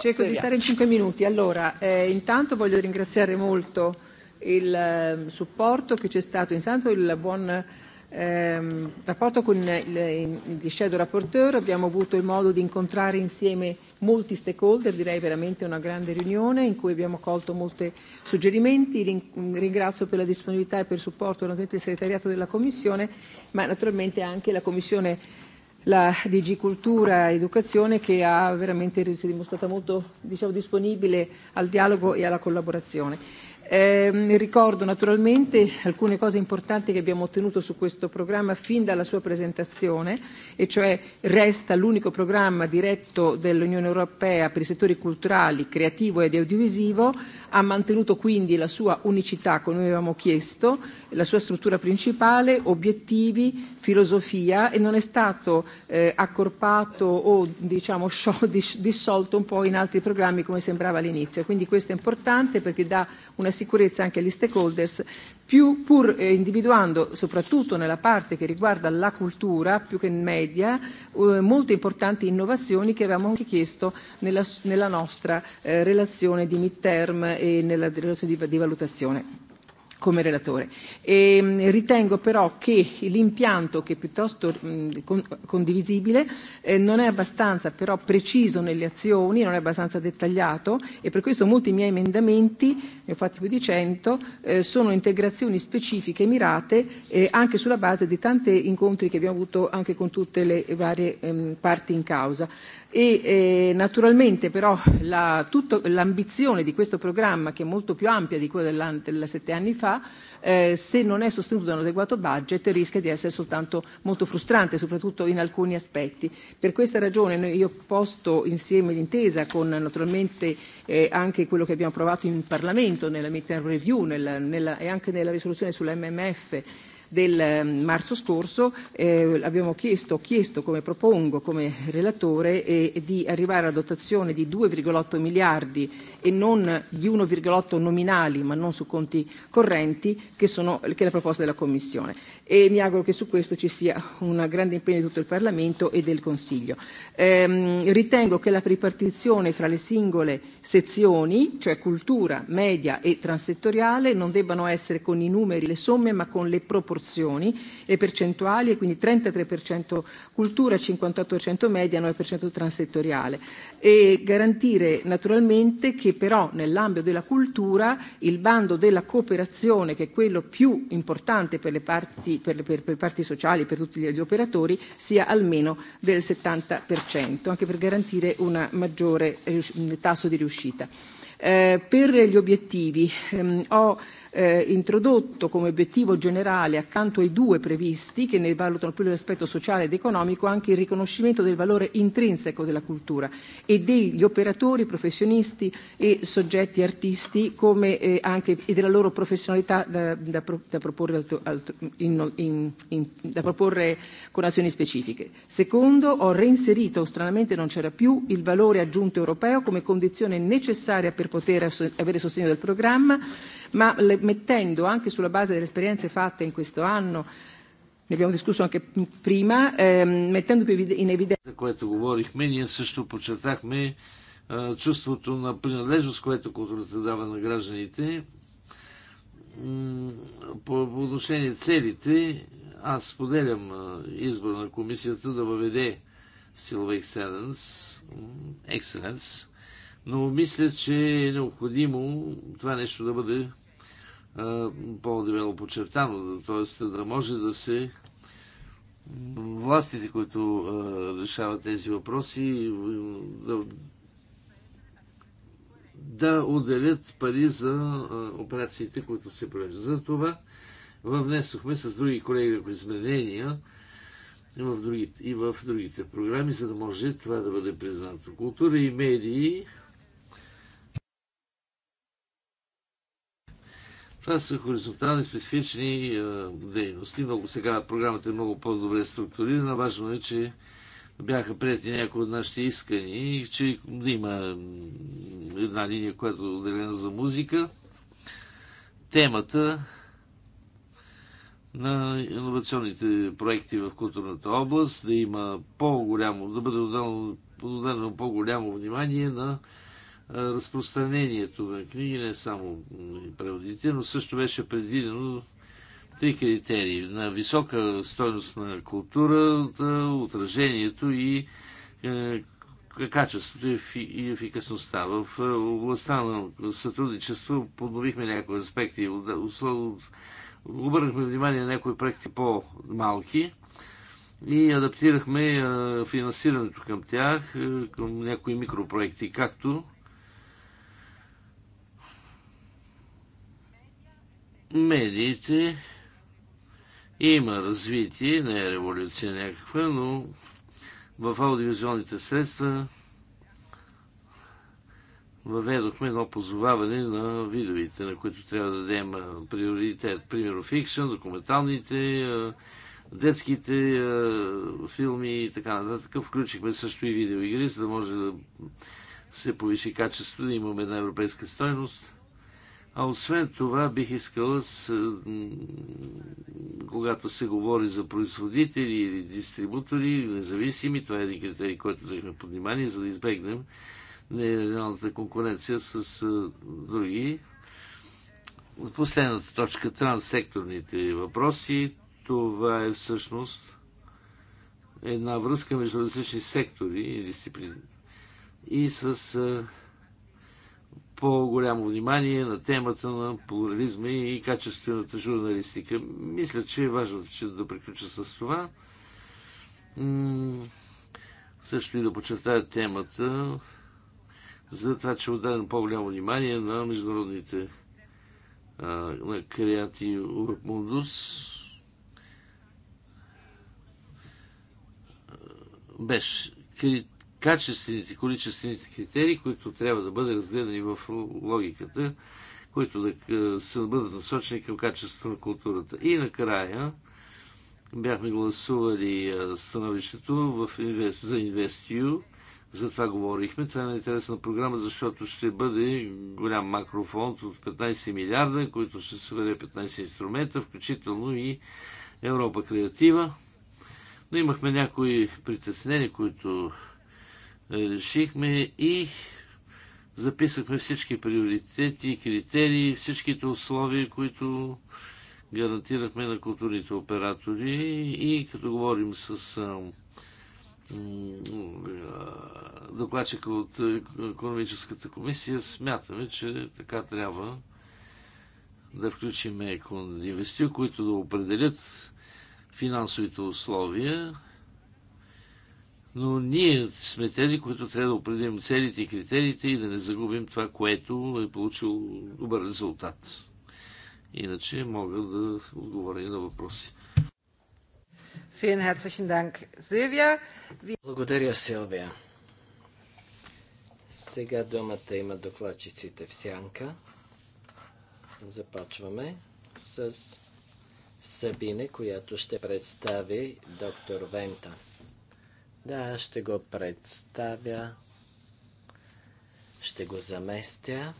Cerco di stare in 5 minuti. Allora, eh, intanto voglio ringraziare molto il supporto che c'è stato, intanto il buon ehm, rapporto con gli shadow rapporteur, abbiamo avuto il modo di incontrare insieme molti stakeholder, direi veramente una grande riunione in cui abbiamo colto molti suggerimenti, ringrazio per la disponibilità e per il supporto naturalmente il segretariato della Commissione, ma naturalmente anche la Commissione la DG Cultura e Educazione che ha veramente si è dimostrata molto diciamo, disponibile al dialogo e alla collaborazione ricordo naturalmente alcune cose importanti che abbiamo ottenuto su questo programma fin dalla sua presentazione, e cioè resta l'unico programma diretto dell'Unione Europea per i settori culturali, creativo ed audiovisivo, ha mantenuto quindi la sua unicità, come avevamo chiesto, la sua struttura principale, obiettivi, filosofia e non è stato eh, accorpato o diciamo dissolto un po' in altri programmi come sembrava all'inizio. Quindi questo è importante perché dà una sicurezza anche agli stakeholders, più pur individuando, soprattutto nella parte che riguarda la cultura, più che in media, molte importanti innovazioni che avevamo anche chiesto nella, nella nostra eh, relazione di midterm e nella relazione di, di valutazione come relatore. E ritengo però che l'impianto, che è piuttosto condivisibile, eh, non è abbastanza però preciso nelle azioni, non è abbastanza dettagliato e per questo molti miei emendamenti, ne ho fatti più di 100, eh, sono integrazioni specifiche mirate eh, anche sulla base di tanti incontri che abbiamo avuto anche con tutte le varie ehm, parti in causa e eh, naturalmente però la, tutto, l'ambizione di questo programma, che è molto più ampia di quella della, sette anni fa, eh, se non è sostenuto da un adeguato budget rischia di essere soltanto molto frustrante, soprattutto in alcuni aspetti. Per questa ragione noi, io posto insieme l'intesa con naturalmente eh, anche quello che abbiamo approvato in Parlamento nella midterm review nella, nella, e anche nella risoluzione sull'MMF del marzo scorso eh, abbiamo chiesto, chiesto come propongo come relatore eh, di arrivare alla dotazione di 2,8 miliardi e non gli 1,8 nominali, ma non su conti correnti, che, sono, che è la proposta della Commissione. E mi auguro che su questo ci sia un grande impegno di tutto il Parlamento e del Consiglio. Ehm, ritengo che la ripartizione fra le singole sezioni, cioè cultura, media e transettoriale, non debbano essere con i numeri, le somme, ma con le proporzioni e percentuali, e quindi 33% cultura, 58% media, 9% transettoriale. E garantire naturalmente che però nell'ambito della cultura il bando della cooperazione, che è quello più importante per le parti, per le, per, per parti sociali, per tutti gli operatori, sia almeno del 70%, anche per garantire un maggiore tasso di riuscita. Eh, per gli obiettivi ehm, ho eh, introdotto come obiettivo generale, accanto ai due previsti, che ne valutano più l'aspetto sociale ed economico, anche il riconoscimento del valore intrinseco della cultura e degli operatori, professionisti e soggetti artisti come, eh, anche, e della loro professionalità da, da, pro, da, proporre, altro, altro, in, in, in, da proporre con azioni specifiche. Secondo, ho reinserito, stranamente non c'era più, il valore aggiunto europeo come condizione necessaria per poter avere sostegno del programma ma mettendo anche sulla base delle esperienze fatte in questo anno, ne abbiamo discusso anche prima, ehm, mettendo più in evidenza... За което говорихме, ние също подчертахме е, чувството на принадлежност, което културата дава на гражданите. По, отношение целите, аз споделям е, избор на комисията да въведе силова екселенс, но мисля, че е необходимо това нещо да бъде по-дебело подчертано, т.е. да може да се властите, които решават тези въпроси, да, да отделят пари за операциите, които се провеждат. За това внесохме с други колеги ако изменения и в, другите, и в другите програми, за да може това да бъде признато. Култура и медии Това са хоризонтални, специфични е, дейности. Много сега програмата е много по-добре структурирана. Важно е, че бяха прияти някои от нашите искани и че да има една линия, която е отделена за музика. Темата на инновационните проекти в културната област, да има по-голямо, да бъде отделено по-голямо внимание на разпространението на книги, не само преводите, но също беше предвидено три критерии. На висока стойност на култура отражението и е, качеството и ефикасността. В е, областта на сътрудничество подновихме някои аспекти. Обърнахме внимание на някои проекти по-малки и адаптирахме е, финансирането към тях, към някои микропроекти, както медиите има развитие, не е революция някаква, но в аудиовизуалните средства въведохме едно позоваване на видовите, на които трябва да дадем приоритет. Примерно фикшн, документалните, детските филми и така нататък. Включихме също и видеоигри, за да може да се повиши качеството, да имаме една европейска стойност. А освен това, бих искала, с, когато се говори за производители или дистрибутори, независими, това е един критерий, който взехме под внимание, за да избегнем нереалната конкуренция с други. Последната точка, транссекторните въпроси, това е всъщност една връзка между различни сектори и дисциплини и с по-голямо внимание на темата на плурализма и качествената журналистика. Мисля, че е важно че да приключа с това. М също и да почертая темата за това, че отдадем по-голямо внимание на международните а, на Креати Урмундус. Беше крит качествените, количествените критерии, които трябва да бъдат разгледани в логиката, които да се бъдат насочени към качеството на културата. И накрая бяхме гласували е, становището в инвест, за Investiю, за това говорихме. Това е на интересна програма, защото ще бъде голям макрофонд от 15 милиарда, които ще събере 15 инструмента, включително и Европа Креатива. Но имахме някои притеснения, които решихме и записахме всички приоритети, критерии, всичките условия, които гарантирахме на културните оператори и като говорим с докладчика от економическата комисия, смятаме, че така трябва да включим инвестиции, които да определят финансовите условия но ние сме тези, които трябва да определим целите и критериите и да не загубим това, което е получил добър резултат. Иначе мога да отговоря на въпроси. Благодаря, Силвия. Сега думата има докладчиците в сянка. Започваме с Сабине, която ще представи доктор Вента. Да, ще го представя. Ще го заместя.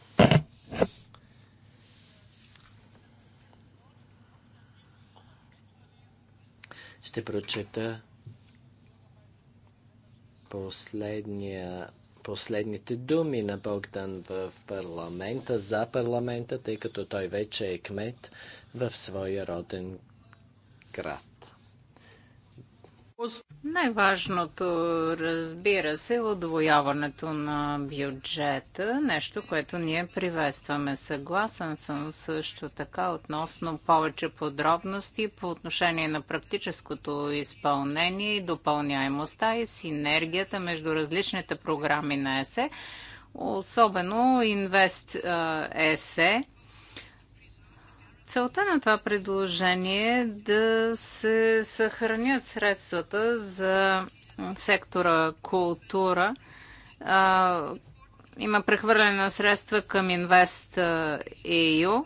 Ще прочета последния, последните думи на Богдан в парламента, за парламента, тъй като той вече е кмет в своя роден град. Най-важното, разбира се, е отвояването на бюджета, нещо, което ние приветстваме. Съгласен съм също така относно повече подробности по отношение на практическото изпълнение и допълняемостта и синергията между различните програми на ЕСЕ, особено Инвест ЕСЕ Целта на това предложение е да се съхранят средствата за сектора култура. А, има прехвърляне на средства към Инвест EU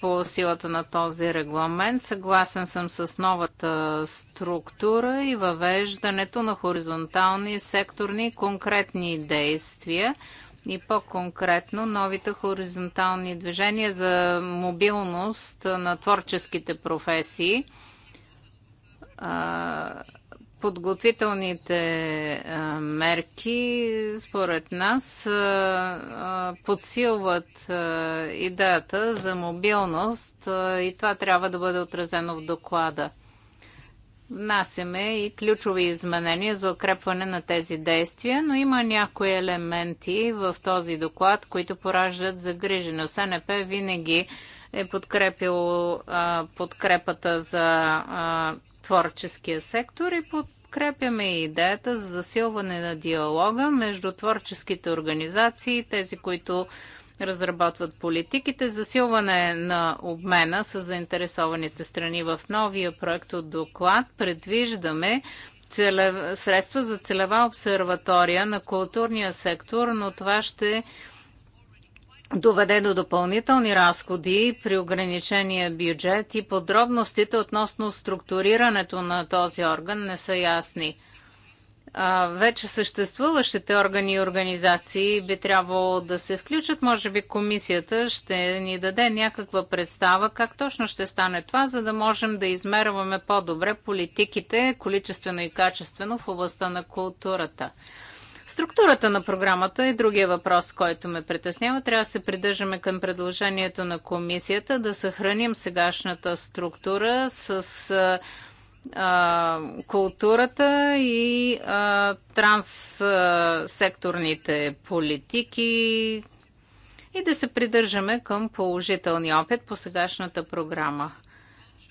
по силата на този регламент. Съгласен съм с новата структура и въвеждането на хоризонтални секторни конкретни действия – и по-конкретно новите хоризонтални движения за мобилност на творческите професии. Подготвителните мерки, според нас, подсилват идеята за мобилност и това трябва да бъде отразено в доклада внасяме и ключови изменения за укрепване на тези действия, но има някои елементи в този доклад, които пораждат загриженост. СНП винаги е подкрепил а, подкрепата за а, творческия сектор и подкрепяме и идеята за засилване на диалога между творческите организации и тези, които разработват политиките. Засилване на обмена с заинтересованите страни в новия проект от доклад предвиждаме целев... средства за целева обсерватория на културния сектор, но това ще доведе до допълнителни разходи при ограничения бюджет и подробностите относно структурирането на този орган не са ясни вече съществуващите органи и организации би трябвало да се включат. Може би комисията ще ни даде някаква представа как точно ще стане това, за да можем да измерваме по-добре политиките, количествено и качествено в областта на културата. Структурата на програмата е другия въпрос, който ме притеснява. Трябва да се придържаме към предложението на комисията да съхраним сегашната структура с а, културата и а, транссекторните политики и да се придържаме към положителния опит по сегашната програма.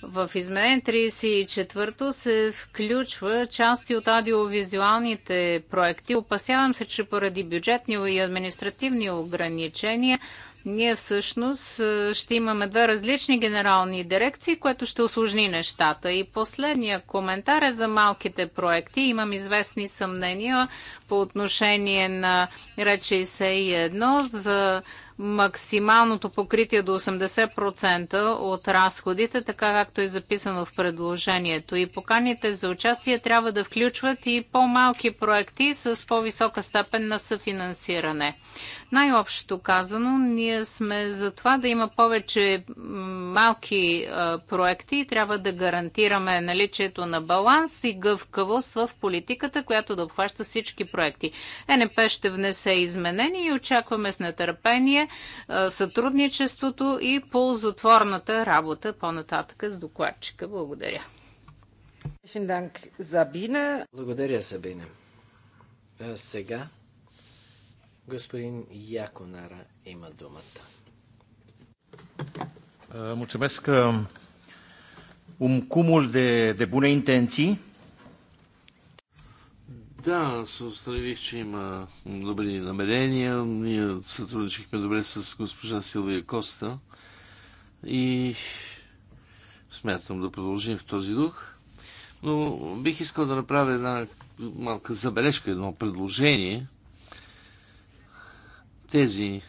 В измен 34 се включва части от аудиовизуалните проекти. Опасявам се, че поради бюджетни и административни ограничения ние всъщност е, ще имаме две различни генерални дирекции, което ще осложни нещата. И последния коментар е за малките проекти. Имам известни съмнения по отношение на и 61 за максималното покритие до 80% от разходите, така както е записано в предложението. И поканите за участие трябва да включват и по-малки проекти с по-висока степен на съфинансиране. Най-общо казано, ние сме за това да има повече малки проекти и трябва да гарантираме наличието на баланс и гъвкавост в политиката, която да обхваща всички проекти. ЕНП ще внесе изменения и очакваме с нетърпение сътрудничеството и ползотворната работа по-нататък с докладчика. Благодаря. Благодаря, Сабина. А сега господин Яконара има думата. Мучебеска Un um, cumul де буне интенции. Да, се установих, че има добри намерения. Ние сътрудничихме добре с госпожа Силвия Коста и смятам да продължим в този дух. Но бих искал да направя една малка забележка, едно предложение. Тези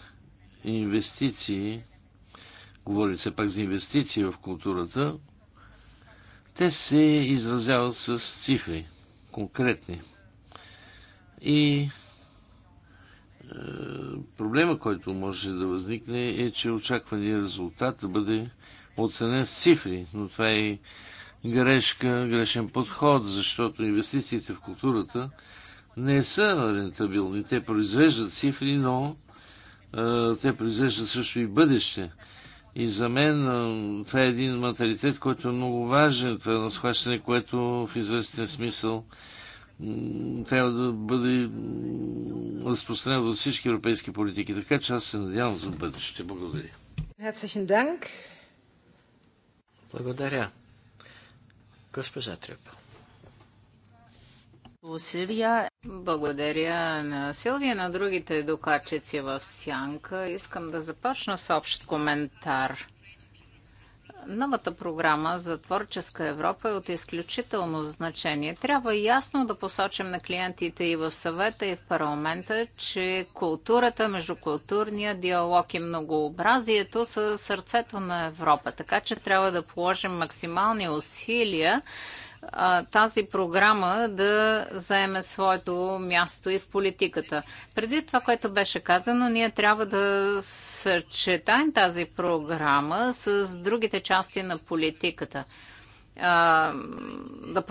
инвестиции, говори се пак за инвестиции в културата, те се изразяват с цифри, конкретни – и е, проблема, който може да възникне е, че очаквания резултат да бъде оценен с цифри, но това е грешка, грешен подход, защото инвестициите в културата не са рентабилни. Те произвеждат цифри, но е, те произвеждат също и бъдеще. И за мен е, това е един менталитет, който е много важен. Това е едно схващане, което в известен смисъл трябва да бъде разпространено във всички европейски политики. Така че аз се надявам за бъдеще. Благодаря. Благодаря. Госпожа Трепа. Благодаря на Силвия, на другите докачици в Сянка. Искам да започна с общ коментар. Новата програма за творческа Европа е от изключително значение. Трябва ясно да посочим на клиентите и в съвета, и в парламента, че културата, междукултурния диалог и многообразието са сърцето на Европа. Така че трябва да положим максимални усилия а, тази програма да заеме своето място и в политиката. Преди това, което беше казано, ние трябва да съчетаем тази програма с другите части на политиката да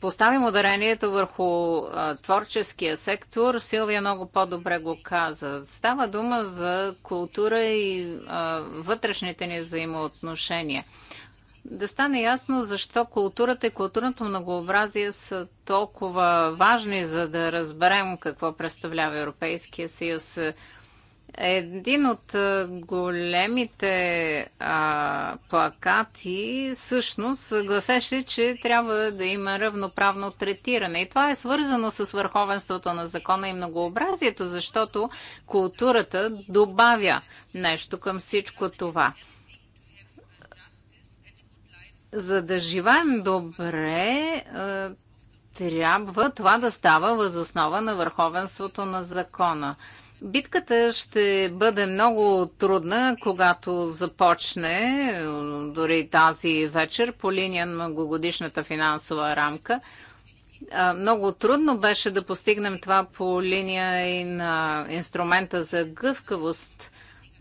поставим ударението върху творческия сектор. Силвия много по-добре го каза. Става дума за култура и вътрешните ни взаимоотношения да стане ясно защо културата и културното многообразие са толкова важни, за да разберем какво представлява Европейския съюз. Един от големите а, плакати всъщност гласеше, че трябва да има равноправно третиране. И това е свързано с върховенството на закона и многообразието, защото културата добавя нещо към всичко това за да живеем добре, е, трябва това да става възоснова на върховенството на закона. Битката ще бъде много трудна, когато започне, дори тази вечер, по линия на многогодишната финансова рамка. Е, много трудно беше да постигнем това по линия и на инструмента за гъвкавост.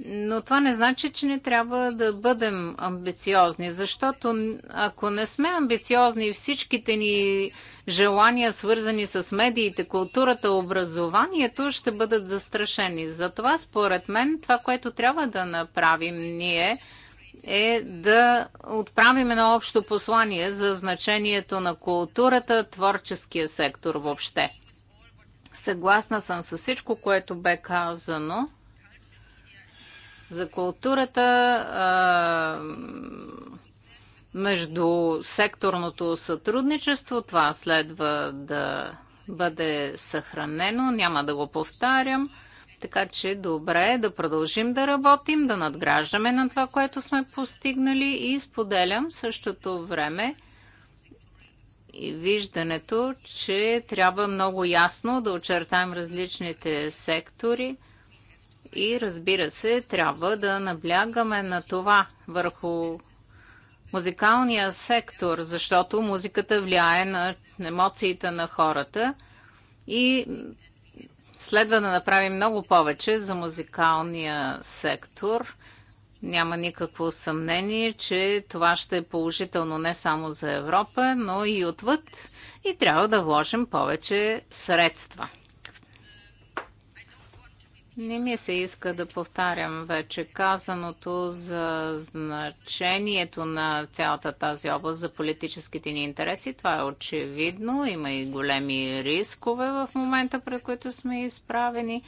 Но това не значи, че не трябва да бъдем амбициозни, защото ако не сме амбициозни, всичките ни желания, свързани с медиите, културата, образованието, ще бъдат застрашени. Затова, според мен, това, което трябва да направим ние, е да отправим едно общо послание за значението на културата, творческия сектор въобще. Съгласна съм с всичко, което бе казано за културата, между секторното сътрудничество, това следва да бъде съхранено, няма да го повтарям. Така че добре е да продължим да работим, да надграждаме на това, което сме постигнали и споделям същото време и виждането, че трябва много ясно да очертаем различните сектори и разбира се, трябва да наблягаме на това върху музикалния сектор, защото музиката влияе на емоциите на хората и следва да направим много повече за музикалния сектор. Няма никакво съмнение, че това ще е положително не само за Европа, но и отвъд и трябва да вложим повече средства. Не ми се иска да повтарям вече казаното за значението на цялата тази област за политическите ни интереси. Това е очевидно. Има и големи рискове в момента, пред които сме изправени.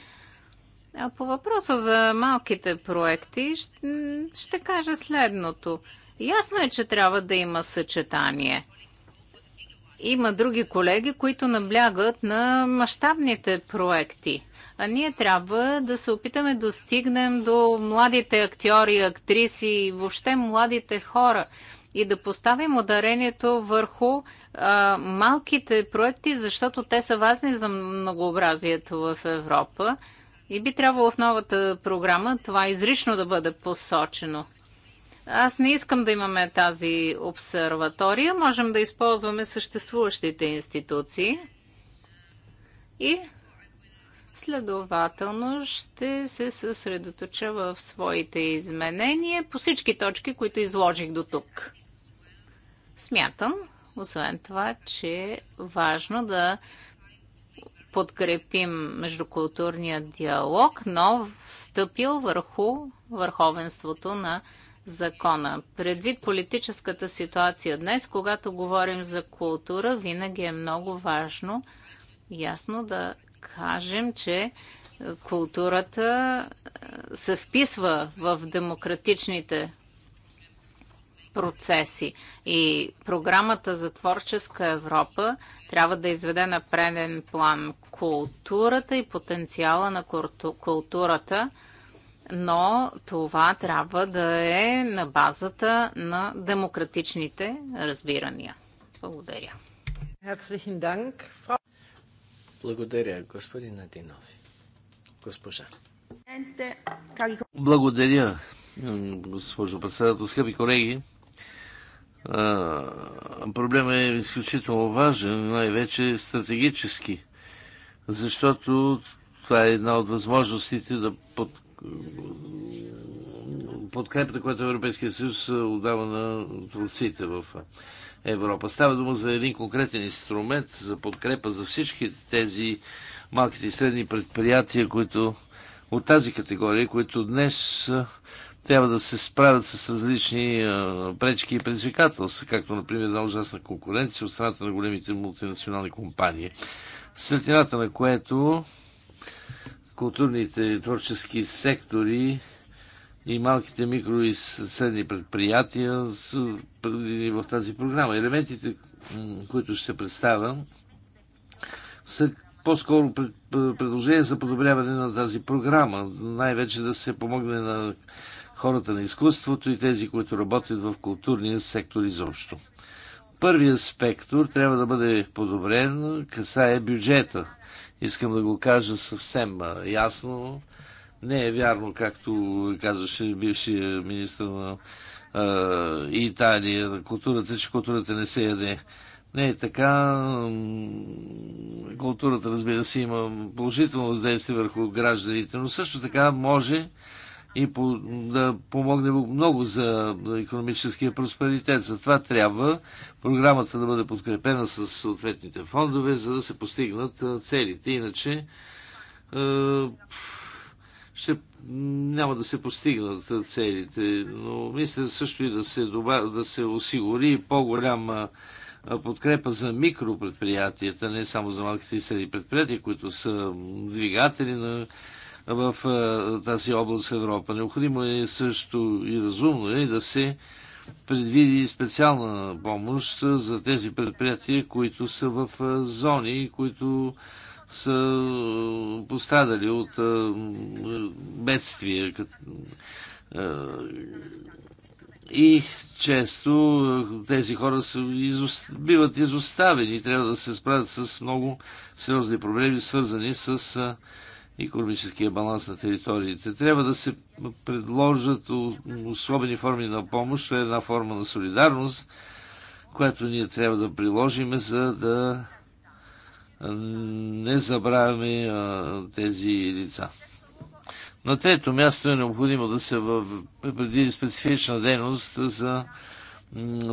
А по въпроса за малките проекти ще, ще кажа следното. Ясно е, че трябва да има съчетание. Има други колеги, които наблягат на мащабните проекти а ние трябва да се опитаме да стигнем до младите актьори, актриси и въобще младите хора и да поставим ударението върху а, малките проекти, защото те са важни за многообразието в Европа. И би трябвало в новата програма това изрично да бъде посочено. Аз не искам да имаме тази обсерватория. Можем да използваме съществуващите институции. И Следователно ще се съсредоточа в своите изменения по всички точки, които изложих до тук. Смятам, освен това, че е важно да подкрепим междукултурния диалог, но встъпил върху върховенството на закона. Предвид политическата ситуация днес, когато говорим за култура, винаги е много важно ясно да кажем, че е, културата е, се вписва в демократичните процеси. И програмата за творческа Европа трябва да изведе на преден план културата и потенциала на културата, но това трябва да е на базата на демократичните разбирания. Благодаря. Благодаря, господин Адинов. Госпожа. Благодаря, госпожо председател. Скъпи колеги, проблема е изключително важен, най-вече стратегически, защото това е една от възможностите да под... подкрепата, която Европейския съюз отдава на творците в Европа. Става дума за един конкретен инструмент за подкрепа за всички тези малките и средни предприятия, които от тази категория, които днес трябва да се справят с различни пречки и предизвикателства, както, например, една ужасна конкуренция от страната на големите мултинационални компании. Светлината на което културните и творчески сектори и малките микро и средни предприятия са предвидени в тази програма. Елементите, които ще представя, са по-скоро предложение за подобряване на тази програма. Най-вече да се помогне на хората на изкуството и тези, които работят в културния сектор изобщо. Първият спектър трябва да бъде подобрен, касае бюджета. Искам да го кажа съвсем ясно не е вярно, както казваше бившия министр на а, Италия, на културата, че културата не се яде. Не е така. Културата, разбира се, има положително въздействие върху гражданите, но също така може и по, да помогне много за економическия просперитет. Затова трябва програмата да бъде подкрепена с съответните фондове, за да се постигнат целите. Иначе е, ще няма да се постигнат целите, но мисля също и да се, добав, да се осигури по-голяма подкрепа за микропредприятията, не само за малките и средни предприятия, които са двигатели на, в тази област в Европа. Необходимо е също и разумно е да се предвиди специална помощ за тези предприятия, които са в зони, които са е, пострадали от е, бедствия. Е, и често тези хора са изост... биват изоставени и трябва да се справят с много сериозни проблеми, свързани с економическия баланс на териториите. Трябва да се предложат особени форми на помощ. Това е една форма на солидарност, която ние трябва да приложим, за да не забравяме а, тези лица. На трето място е необходимо да се предвиди специфична дейност за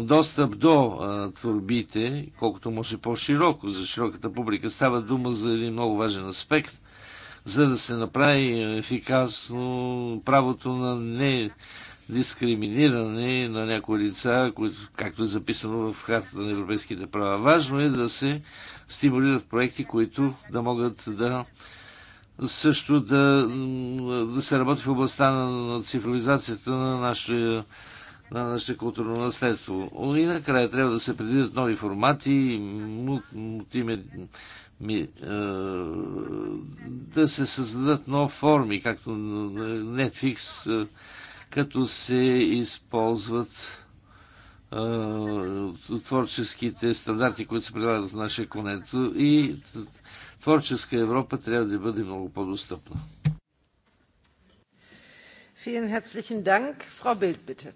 достъп до а, творбите, колкото може по-широко за широката публика. Става дума за един много важен аспект, за да се направи ефикасно правото на не дискриминиране на някои лица, които, както е записано в Хартата на европейските права. Важно е да се стимулират проекти, които да могат да също да, да се работи в областта на, на цифровизацията на нашето на нашето културно наследство. И накрая трябва да се предвидят нови формати, мултимедиа ми, е, да се създадат нови форми, както Netflix, е, като се използват творческите стандарти, които се предлагат в нашия конец, И творческа Европа трябва да бъде много по-достъпна. Vielen herzlichen Dank. Frau Bild, bitte.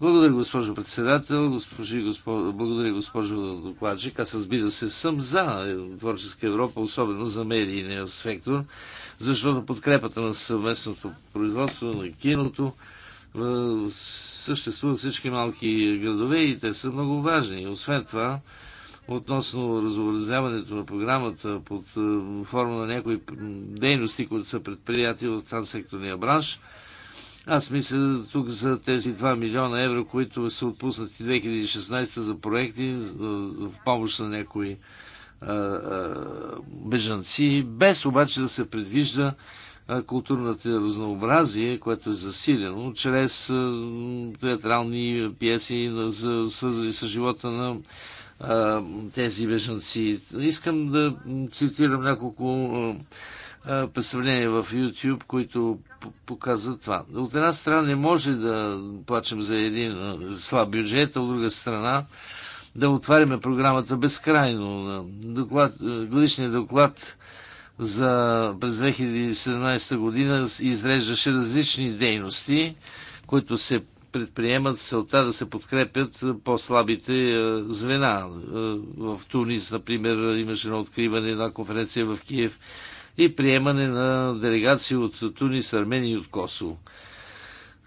Благодаря, госпожо председател. Госпожи, Благодаря, госпожо докладчик. Аз разбира се съм за творческа Европа, особено за медийния сектор защото подкрепата на съвместното производство на киното съществуват всички малки градове и те са много важни. Освен това, относно разобразяването на програмата под форма на някои дейности, които са предприяти в транссекторния бранш, аз мисля тук за тези 2 милиона евро, които са отпуснати 2016 за проекти в помощ на някои бежанци, без обаче да се предвижда културното разнообразие, което е засилено чрез театрални пиеси, свързани с живота на тези бежанци. Искам да цитирам няколко представления в YouTube, които показват това. От една страна не може да плачем за един слаб бюджет, а от друга страна да отваряме програмата безкрайно. Доклад, е, годишният доклад за през 2017 година изреждаше различни дейности, които се предприемат с целта да се подкрепят по-слабите е, звена. Е, в Тунис, например, имаше едно на откриване, на конференция в Киев и приемане на делегации от Тунис, Армения и от Косово.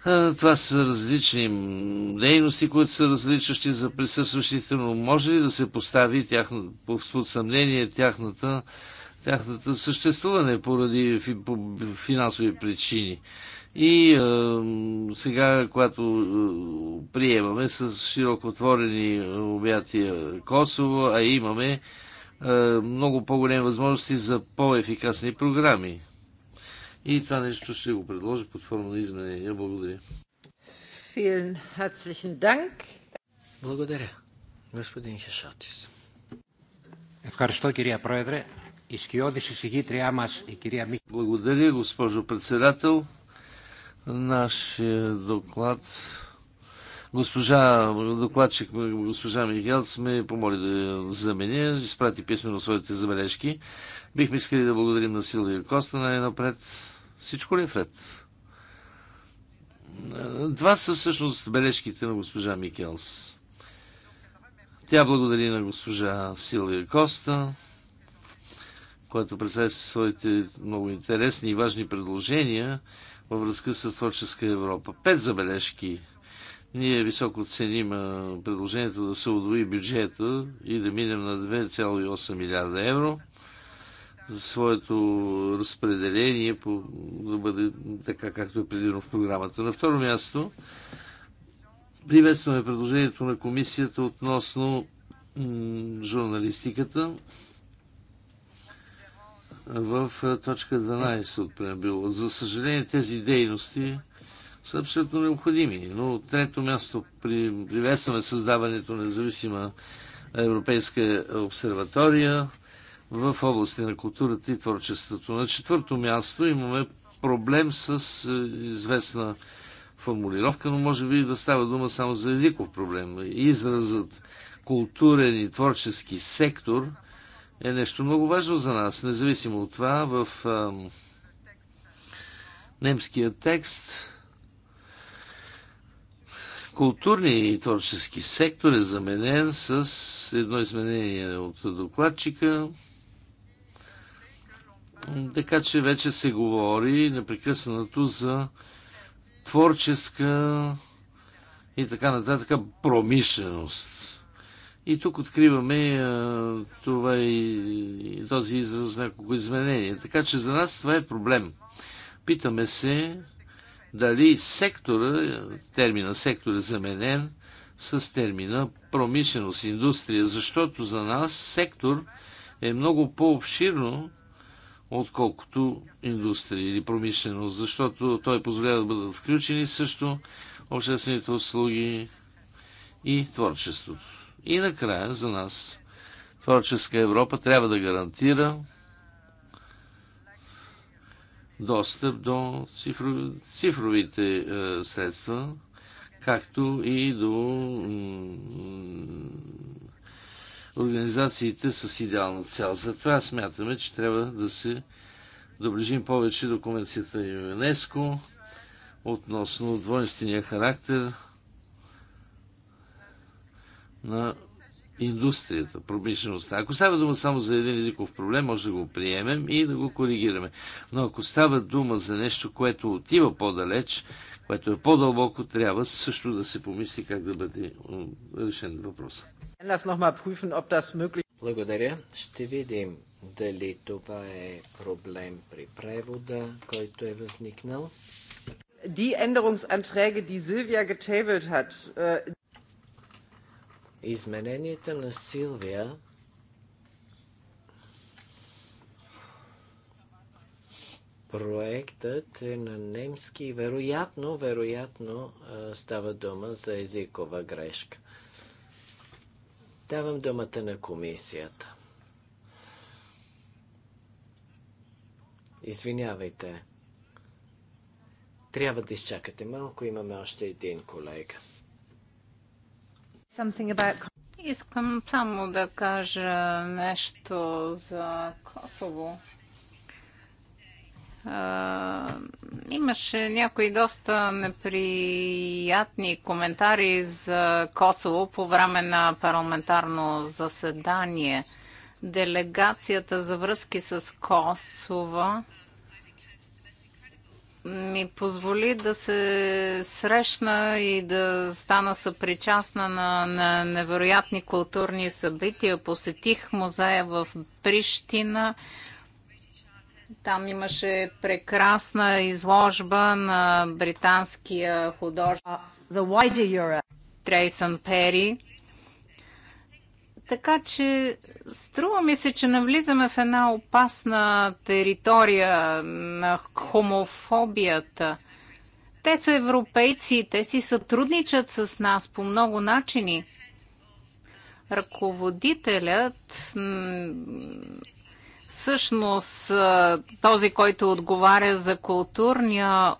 Това са различни дейности, които са различащи за присъстващите, но може ли да се постави тяхна, под съмнение тяхната, тяхната съществуване поради фи, по финансови причини? И е, сега, когато е, приемаме с широко отворени обятия Косово, а имаме е, много по-големи възможности за по-ефикасни програми. И това нещо ще го предложа под форма на изменения. Благодаря. Благодаря. Господин Хешотис. Ευχαριστώ κυρία Πρόεδρε. Η εισηγήτριά μας, η κυρία Μίχη. Благодаря, госпожо председател. Нашия доклад Госпожа, докладчик госпожа Михелц ме помоли да заменя, изпрати писмено своите забележки. Бихме искали да благодарим на Силвия Коста най-напред. Всичко ли е вред? Два са всъщност бележките на госпожа Микелс. Тя благодари на госпожа Силвия Коста, която представи своите много интересни и важни предложения във връзка с творческа Европа. Пет забележки. Ние високо ценим предложението да се удвои бюджета и да минем на 2,8 милиарда евро – за своето разпределение по, да бъде така, както е предвидено в програмата. На второ място, приветстваме предложението на комисията относно журналистиката в точка 12 от преамбюла. За съжаление, тези дейности са абсолютно необходими. Но трето място при, приветстваме създаването на независима Европейска обсерватория в области на културата и творчеството. На четвърто място имаме проблем с е, известна формулировка, но може би да става дума само за езиков проблем. Изразът културен и творчески сектор е нещо много важно за нас. Независимо от това, в ам, немския текст културния и творчески сектор е заменен с едно изменение от докладчика – така че вече се говори непрекъснато за творческа и така нататък промишленост. И тук откриваме а, това е и, и този израз в няколко изменения. Така че за нас това е проблем. Питаме се дали сектора, термина сектор е заменен с термина промишленост, индустрия, защото за нас сектор е много по-обширно отколкото индустрия или промишленост, защото той позволява да бъдат включени също обществените услуги и творчеството. И накрая за нас творческа Европа трябва да гарантира достъп до цифрови, цифровите е, средства, както и до организациите с идеална цел. Затова смятаме, че трябва да се доближим повече до конвенцията на ЮНЕСКО относно двойствения характер на индустрията, промишлеността. Ако става дума само за един езиков проблем, може да го приемем и да го коригираме. Но ако става дума за нещо, което отива по-далеч, което е по-дълбоко, трябва също да се помисли как да бъде решен въпрос. Благодаря. Ще видим дали това е проблем при превода, който е възникнал. Äh, Измененията на Силвия проектът е на немски. Вероятно, вероятно става дума за езикова грешка. Давам думата на комисията. Извинявайте. Трябва да изчакате малко. Имаме още един колега. Искам само да кажа нещо за Косово имаше някои доста неприятни коментари за Косово по време на парламентарно заседание. Делегацията за връзки с Косово ми позволи да се срещна и да стана съпричастна на, на невероятни културни събития. Посетих музея в Прищина там имаше прекрасна изложба на британския художник Трейсън Пери. Така че струва ми се, че навлизаме в една опасна територия на хомофобията. Те са европейци, те си сътрудничат с нас по много начини. Ръководителят Всъщност, този, който отговаря за културния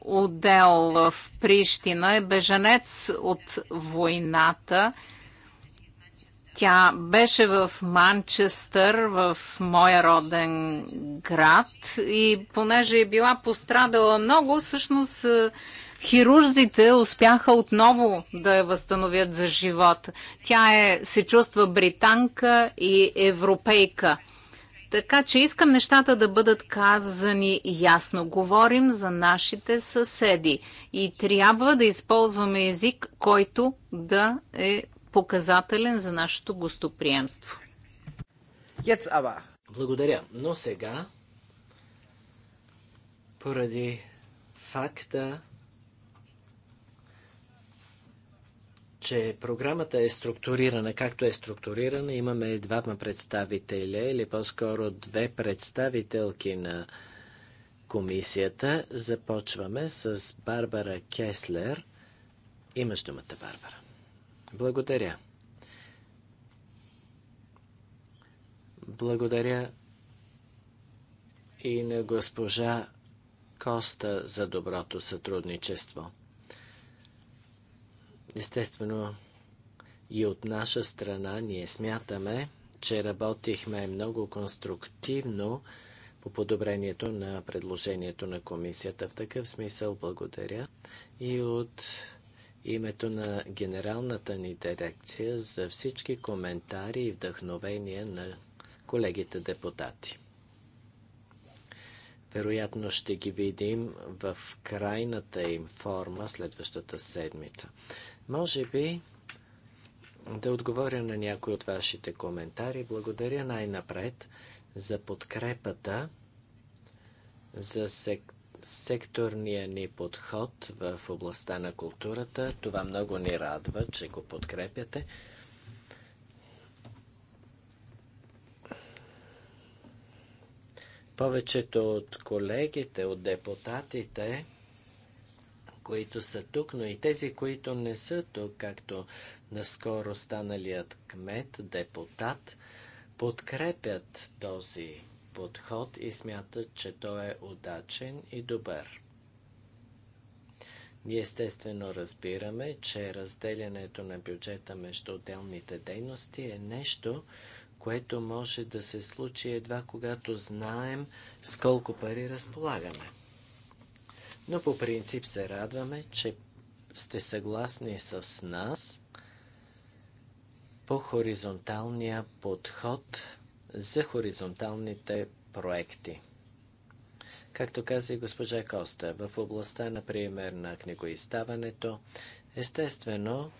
отдел в Прищина е беженец от войната. Тя беше в Манчестър, в моя роден град и понеже е била пострадала много, всъщност хирурзите успяха отново да я възстановят за живот. Тя е, се чувства британка и европейка – така че искам нещата да бъдат казани ясно. Говорим за нашите съседи и трябва да използваме език, който да е показателен за нашето гостоприемство. Благодаря. Но сега, поради факта, че програмата е структурирана както е структурирана. Имаме двама представителя или по-скоро две представителки на комисията. Започваме с Барбара Кеслер. Имаш думата, Барбара. Благодаря. Благодаря и на госпожа Коста за доброто сътрудничество. Естествено, и от наша страна ние смятаме, че работихме много конструктивно по подобрението на предложението на комисията. В такъв смисъл благодаря и от името на генералната ни дирекция за всички коментари и вдъхновения на колегите депутати. Вероятно ще ги видим в крайната им форма следващата седмица. Може би да отговоря на някои от вашите коментари. Благодаря най-напред за подкрепата за сек... секторния ни подход в областта на културата. Това много ни радва, че го подкрепяте. Повечето от колегите, от депутатите които са тук, но и тези, които не са тук, както наскоро станалият кмет, депутат, подкрепят този подход и смятат, че той е удачен и добър. Ние естествено разбираме, че разделянето на бюджета между отделните дейности е нещо, което може да се случи едва когато знаем с колко пари разполагаме но по принцип се радваме, че сте съгласни с нас по хоризонталния подход за хоризонталните проекти. Както каза и госпожа Коста, в областта, например, на книгоиздаването, естествено,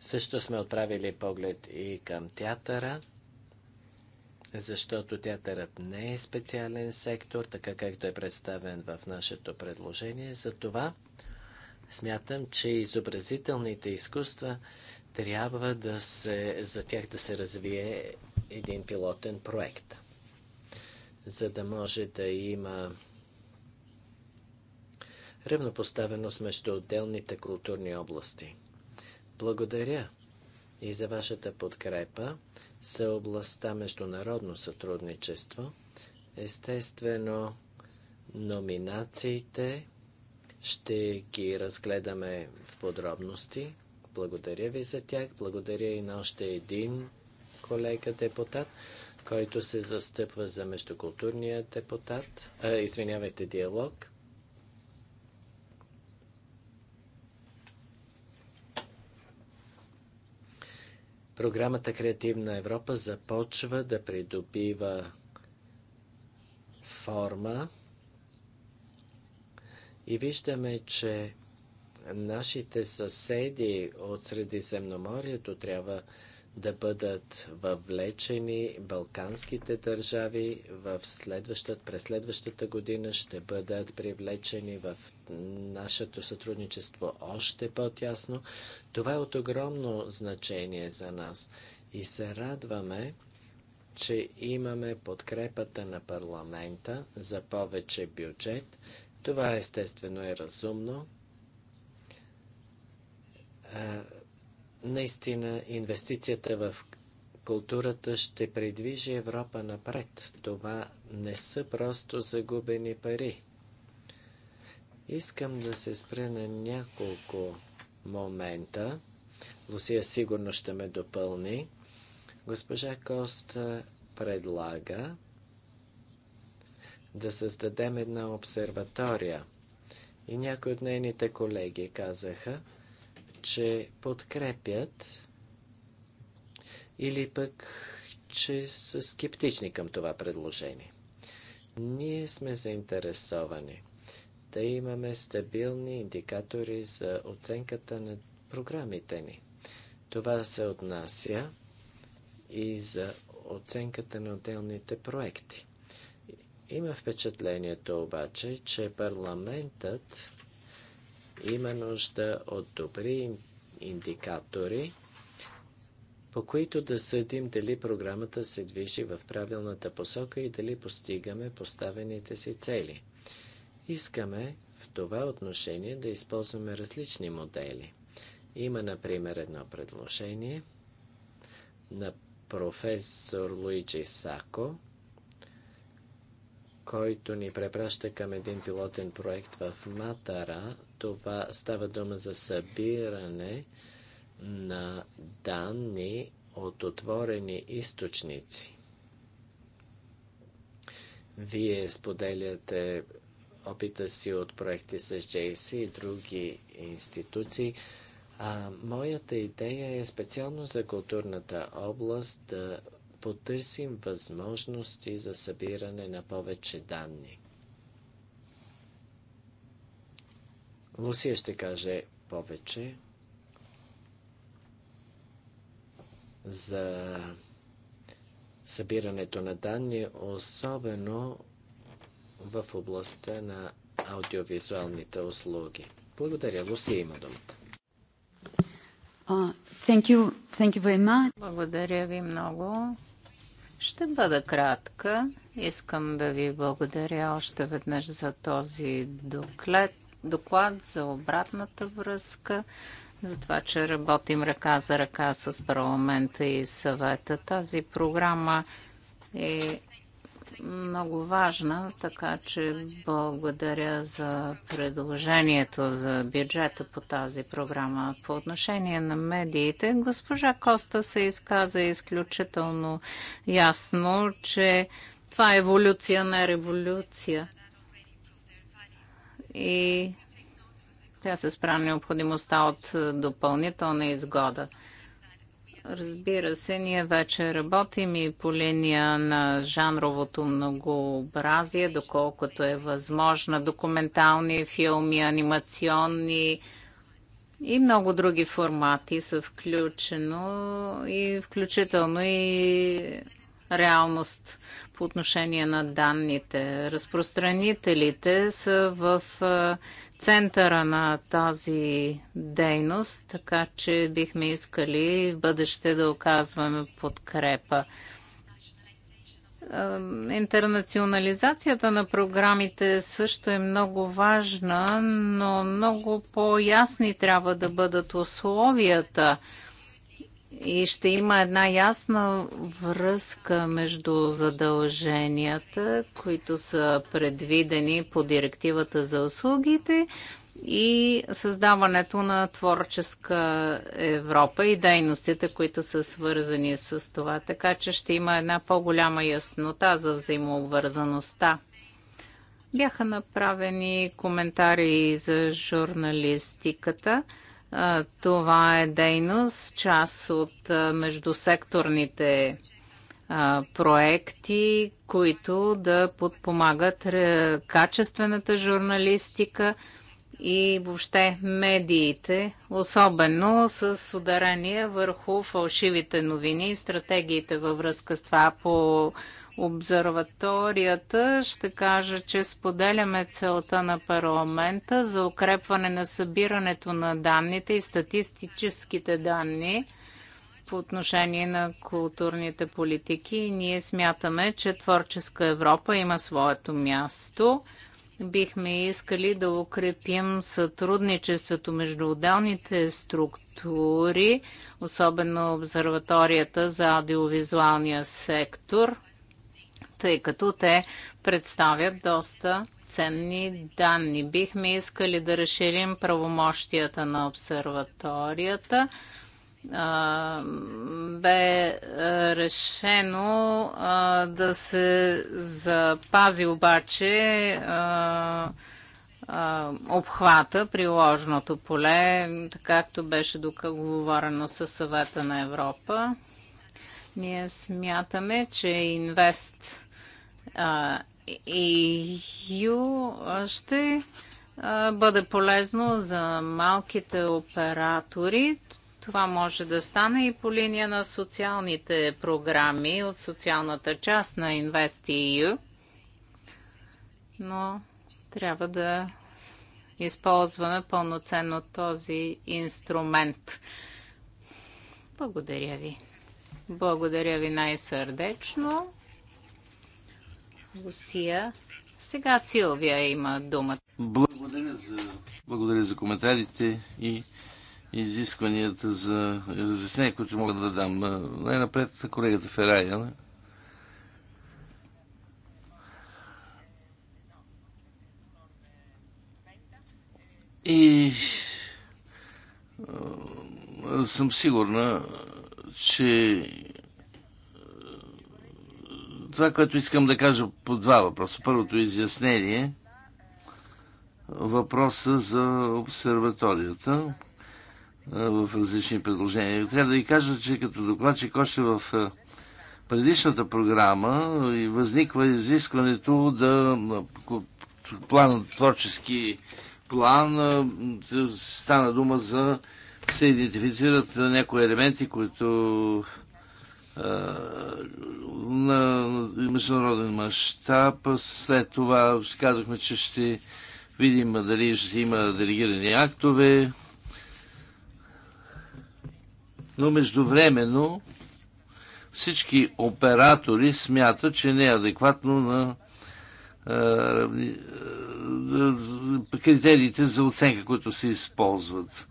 също сме отправили поглед и към театъра – защото театърът не е специален сектор, така както е представен в нашето предложение. Затова смятам, че изобразителните изкуства трябва да се, за тях да се развие един пилотен проект, за да може да има равнопоставеност между отделните културни области. Благодаря и за вашата подкрепа са областта международно сътрудничество. Естествено, номинациите ще ги разгледаме в подробности. Благодаря ви за тях. Благодаря и на още един колега депутат, който се застъпва за междукултурния депутат, а, извинявайте, диалог. Програмата Креативна Европа започва да придобива форма и виждаме, че нашите съседи от Средиземноморието трябва да бъдат въвлечени балканските държави в следващата, през следващата година ще бъдат привлечени в нашето сътрудничество още по-тясно. Това е от огромно значение за нас и се радваме, че имаме подкрепата на парламента за повече бюджет. Това естествено е разумно Наистина инвестицията в културата ще придвижи Европа напред. Това не са просто загубени пари. Искам да се спре на няколко момента. Лусия сигурно ще ме допълни. Госпожа Коста предлага да създадем една обсерватория. И някои от нейните колеги казаха, че подкрепят или пък, че са скептични към това предложение. Ние сме заинтересовани да имаме стабилни индикатори за оценката на програмите ни. Това се отнася и за оценката на отделните проекти. Има впечатлението обаче, че парламентът има нужда от добри индикатори, по които да съдим дали програмата се движи в правилната посока и дали постигаме поставените си цели. Искаме в това отношение да използваме различни модели. Има, например, едно предложение на професор Луиджи Сако – който ни препраща към един пилотен проект в Матара. Това става дума за събиране на данни от отворени източници. Вие споделяте опита си от проекти с JC и други институции. А, моята идея е специално за културната област да потърсим възможности за събиране на повече данни. Лусия ще каже повече за събирането на данни, особено в областта на аудиовизуалните услуги. Благодаря. Лусия има думата. Uh, thank you. Thank you Благодаря ви много. Ще бъда кратка. Искам да ви благодаря още веднъж за този доклад, доклад за обратната връзка, за това, че работим ръка за ръка с парламента и съвета. Тази програма е много важна, така че благодаря за предложението за бюджета по тази програма. По отношение на медиите, госпожа Коста се изказа изключително ясно, че това е еволюция, на революция. И тя се спря необходимостта от допълнителна изгода – Разбира се, ние вече работим и по линия на жанровото многообразие, доколкото е възможно, документални филми, анимационни и много други формати са включено и включително и реалност по отношение на данните. Разпространителите са в центъра на тази дейност, така че бихме искали в бъдеще да оказваме подкрепа. Интернационализацията на програмите също е много важна, но много по-ясни трябва да бъдат условията и ще има една ясна връзка между задълженията, които са предвидени по директивата за услугите и създаването на творческа Европа и дейностите, които са свързани с това. Така че ще има една по-голяма яснота за взаимообвързаността. Бяха направени коментари за журналистиката. Това е дейност, част от междусекторните проекти, които да подпомагат качествената журналистика и въобще медиите, особено с ударение върху фалшивите новини и стратегиите във връзка с това по обсерваторията, ще кажа, че споделяме целта на парламента за укрепване на събирането на данните и статистическите данни по отношение на културните политики. И ние смятаме, че Творческа Европа има своето място. Бихме искали да укрепим сътрудничеството между отделните структури, особено обсерваторията за аудиовизуалния сектор – тъй като те представят доста ценни данни. Бихме искали да разширим правомощията на обсерваторията. бе решено да се запази обаче обхвата, приложното поле, както беше договорено със съвета на Европа. Ние смятаме, че инвест EU ще бъде полезно за малките оператори. Това може да стане и по линия на социалните програми от социалната част на InvestEU, но трябва да използваме пълноценно този инструмент. Благодаря ви. Благодаря ви най-сърдечно. Лусия. Сега Силвия има думата. Благодаря за, благодаря за коментарите и изискванията за разяснение, които мога да дам. Най-напред колегата Ферая. И съм сигурна, че това, което искам да кажа по два въпроса. Първото изяснение въпроса за обсерваторията в различни предложения. Трябва да ви кажа, че като докладчик още в предишната програма възниква изискването да план, творчески план стана дума за се идентифицират някои елементи, които на международен мащаб. След това казахме, че ще видим дали ще има делегирани актове. Но междувременно всички оператори смятат, че не е адекватно на критериите за оценка, които се използват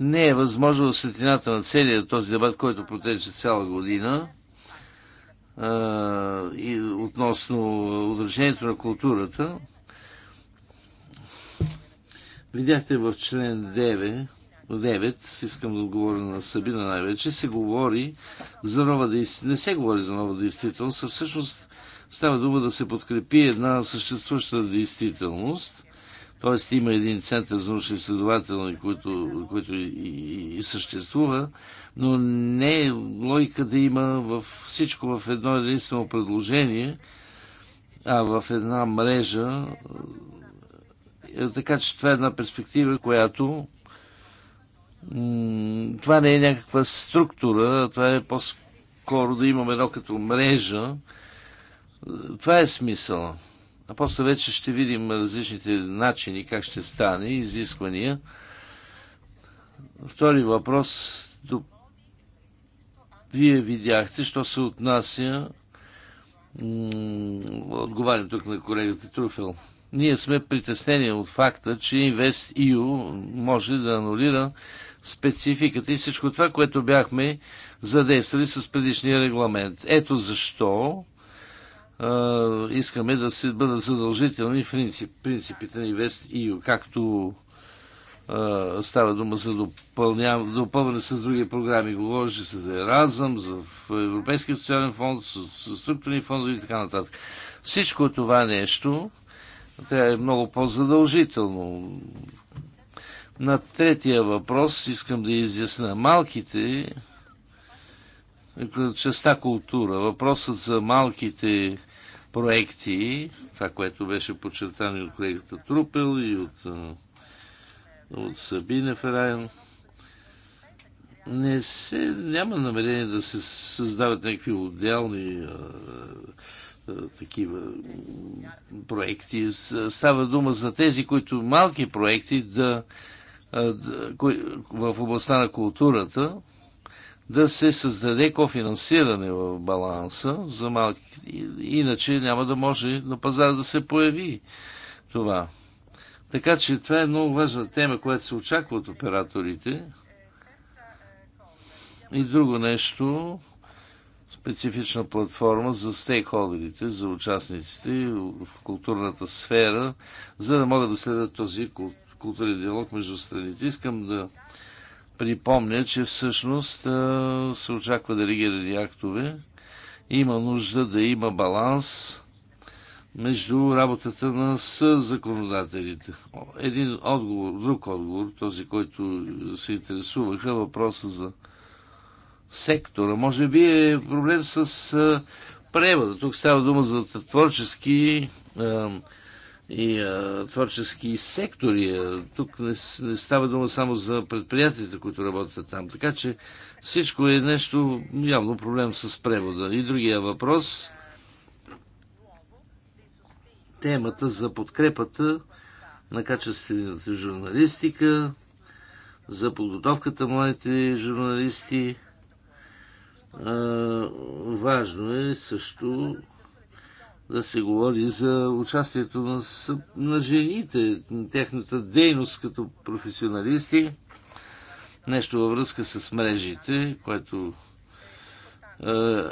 не е възможно в светлината на целия този дебат, който протече цяла година, и относно удържението на културата. Видяхте в член 9, 9 искам да отговоря на Сабина най-вече, се говори за нова действителност. Не се говори за нова действителност, а всъщност става дума да се подкрепи една съществуваща действителност – Тоест има един център за научни изследователи, който, който и, и съществува, но не е логика да има в всичко в едно единствено предложение, а в една мрежа. Е, така че това е една перспектива, която това не е някаква структура, това е по-скоро да имаме едно като мрежа. Е, това е смисъла. А после вече ще видим различните начини, как ще стане, изисквания. Втори въпрос. Вие видяхте, що се отнася. Отговарям тук на колегата Труфел. Ние сме притеснени от факта, че InvestEU може да анулира спецификата и всичко това, което бяхме задействали с предишния регламент. Ето защо искаме да се бъдат задължителни принцип, принципите на Инвест ИО, както става дума за допълване с други програми. Говореше се за Еразъм, за Европейския социален фонд, с структурни фондове и така нататък. Всичко това нещо трябва е много по-задължително. На третия въпрос искам да изясна. Малките, е, частта култура, въпросът за малките проекти, това, което беше подчертано и от колегата Трупел, и от, от Сабина Ферайн, не се, няма намерение да се създават някакви отделни а, а, такива проекти. Става дума за тези, които малки проекти да, а, да кои, в областта на културата, да се създаде кофинансиране в баланса за малки. Иначе няма да може на пазара да се появи това. Така че това е много важна тема, която се очаква от операторите. И друго нещо, специфична платформа за стейкхолдерите, за участниците в културната сфера, за да могат да следят този културен диалог между страните. Искам да припомня, че всъщност се очаква делегирани актове. Има нужда да има баланс между работата на законодателите. Един отговор, друг отговор, този, който се интересуваха, въпроса за сектора. Може би е проблем с превода. Тук става дума за творчески и а, творчески сектори. А, тук не, не става дума само за предприятията, които работят там. Така че всичко е нещо, явно проблем с превода. И другия въпрос, темата за подкрепата на качествената журналистика, за подготовката на младите журналисти. А, важно е също да се говори за участието на, на жените, тяхната дейност като професионалисти, нещо във връзка с мрежите, което е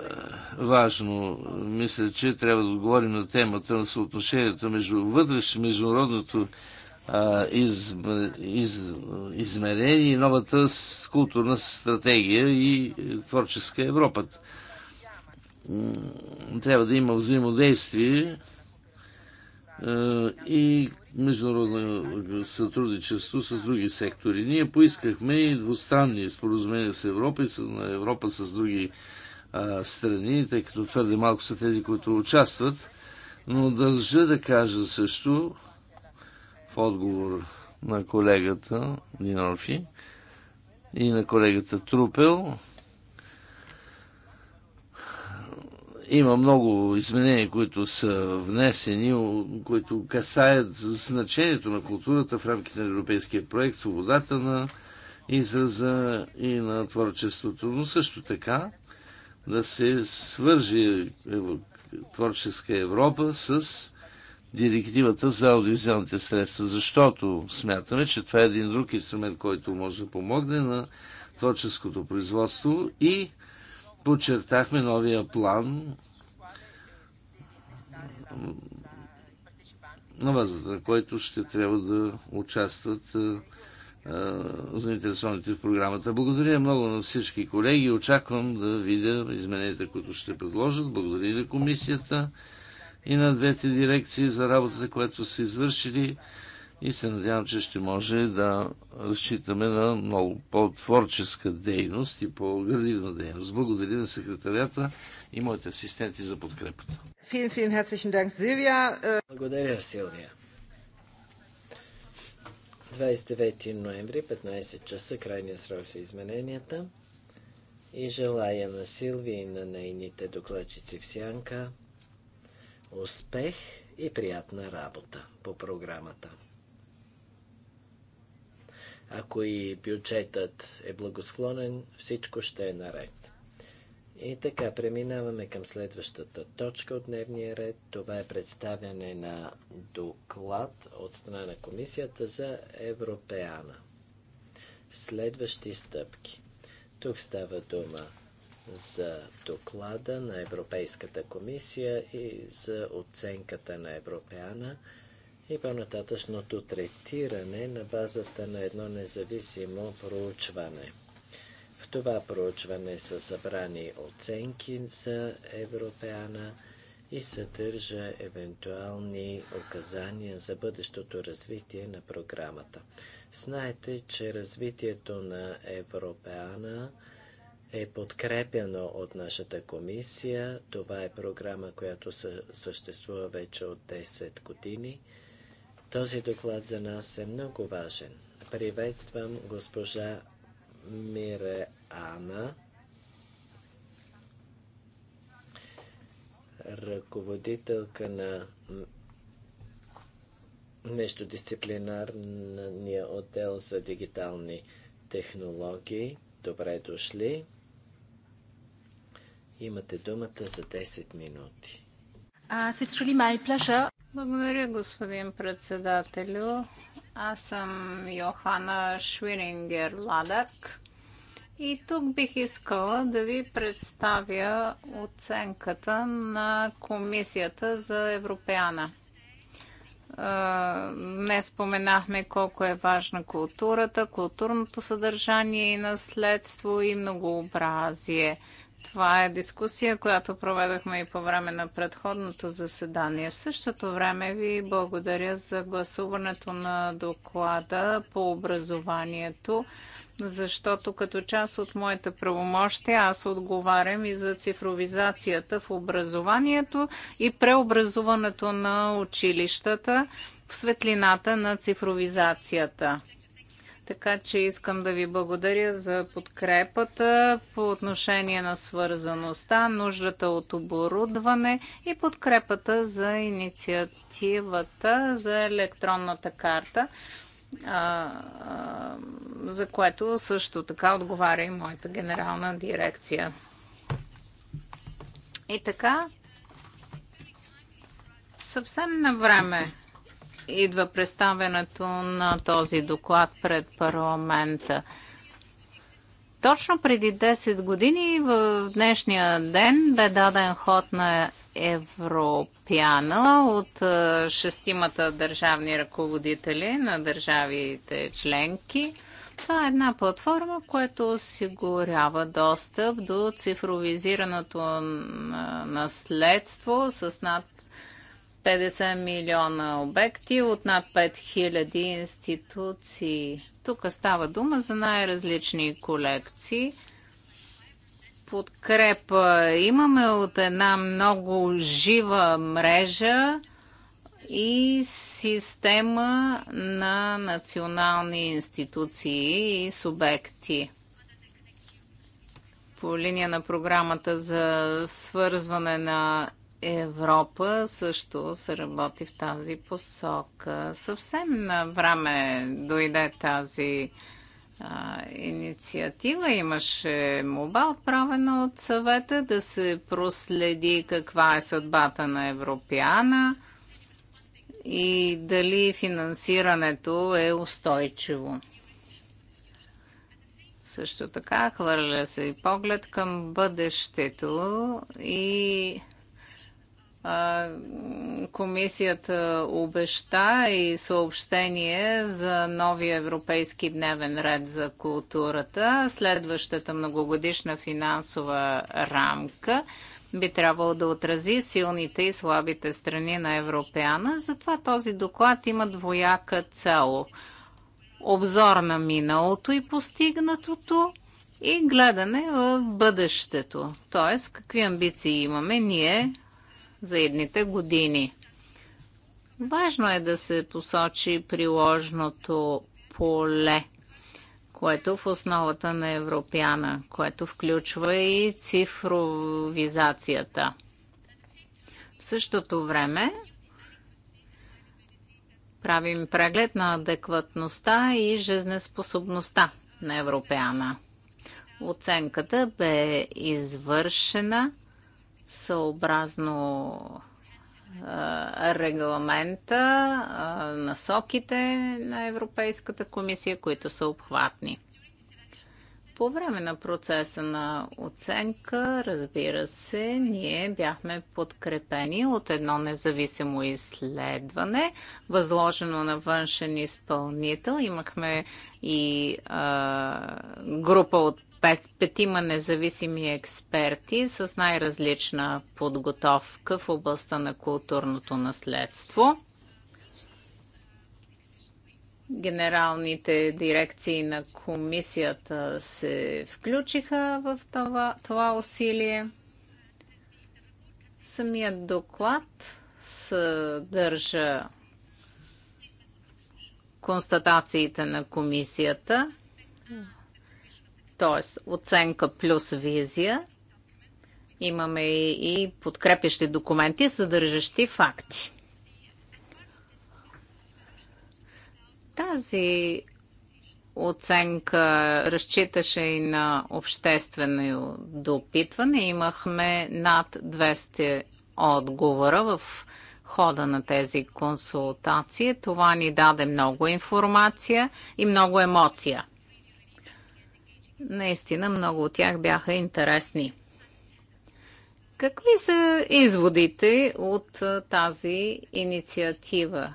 важно. Мисля, че трябва да говорим на темата на съотношението между вътрешно международното из, из, измерение и новата културна стратегия и е, творческа Европа трябва да има взаимодействие е, и международно сътрудничество с други сектори. Ние поискахме и двустранни споразумения с Европа и на Европа с други страни, тъй като твърде малко са тези, които участват. Но държа да кажа също в отговор на колегата Динорфи и на колегата Трупел, Има много изменения, които са внесени, които касаят значението на културата в рамките на европейския проект, свободата на израза и на творчеството, но също така да се свържи творческа Европа с директивата за аудиовизуалните средства, защото смятаме, че това е един друг инструмент, който може да помогне на творческото производство и Подчертахме новия план на базата, на който ще трябва да участват заинтересованите в програмата. Благодаря много на всички колеги. Очаквам да видя измененията, които ще предложат. Благодаря и на комисията и на двете дирекции за работата, която са извършили и се надявам, че ще може да разчитаме на много по-творческа дейност и по-градивна дейност. Благодаря на секретарията и моите асистенти за подкрепата. Благодаря, Силвия. 29 ноември, 15 часа, крайния срок за измененията. И желая на Силвия и на нейните докладчици в Сянка успех и приятна работа по програмата. Ако и бюджетът е благосклонен, всичко ще е наред. И така, преминаваме към следващата точка от дневния ред. Това е представяне на доклад от страна на Комисията за Европеана. Следващи стъпки. Тук става дума за доклада на Европейската комисия и за оценката на Европеана – и по-нататъчното третиране на базата на едно независимо проучване. В това проучване са събрани оценки за Европеана и съдържа евентуални указания за бъдещото развитие на програмата. Знаете, че развитието на Европеана е подкрепено от нашата комисия. Това е програма, която съществува вече от 10 години – този доклад за нас е много важен. Приветствам госпожа Мире Ана, ръководителка на междудисциплинарния отдел за дигитални технологии. Добре дошли! Имате думата за 10 минути. Uh, so благодаря, господин председателю. Аз съм Йохана Швирингер ладък и тук бих искала да ви представя оценката на Комисията за Европеана. Днес споменахме колко е важна културата, културното съдържание и наследство и многообразие. Това е дискусия, която проведахме и по време на предходното заседание. В същото време ви благодаря за гласуването на доклада по образованието, защото като част от моите правомощия аз отговарям и за цифровизацията в образованието и преобразуването на училищата в светлината на цифровизацията. Така че искам да ви благодаря за подкрепата по отношение на свързаността, нуждата от оборудване и подкрепата за инициативата за електронната карта, за което също така отговаря и моята генерална дирекция. И така, съвсем на време идва представянето на този доклад пред парламента. Точно преди 10 години в днешния ден бе даден ход на Европяна от шестимата държавни ръководители на държавите членки. Това е една платформа, която осигурява достъп до цифровизираното наследство с над 50 милиона обекти от над 5000 институции. Тук става дума за най-различни колекции. Подкрепа имаме от една много жива мрежа и система на национални институции и субекти по линия на програмата за свързване на Европа също се работи в тази посока. Съвсем на време дойде тази а, инициатива. Имаше моба отправена от съвета да се проследи каква е съдбата на Европеана и дали финансирането е устойчиво. Също така хвърля се и поглед към бъдещето и комисията обеща и съобщение за новия европейски дневен ред за културата. Следващата многогодишна финансова рамка би трябвало да отрази силните и слабите страни на Европеана. Затова този доклад има двояка цел. Обзор на миналото и постигнатото и гледане в бъдещето. Тоест, какви амбиции имаме ние за едните години. Важно е да се посочи приложното поле, което в основата на Европяна, което включва и цифровизацията. В същото време правим преглед на адекватността и жизнеспособността на Европеана. Оценката бе извършена съобразно регламента, насоките на Европейската комисия, които са обхватни. По време на процеса на оценка, разбира се, ние бяхме подкрепени от едно независимо изследване, възложено на външен изпълнител. Имахме и а, група от пет, петима независими експерти с най-различна подготовка в областта на културното наследство. Генералните дирекции на комисията се включиха в това, това усилие. Самият доклад съдържа констатациите на комисията т.е. оценка плюс визия. Имаме и подкрепящи документи, съдържащи факти. Тази оценка разчиташе и на обществено допитване. Имахме над 200 отговора в хода на тези консултации. Това ни даде много информация и много емоция. Наистина много от тях бяха интересни. Какви са изводите от тази инициатива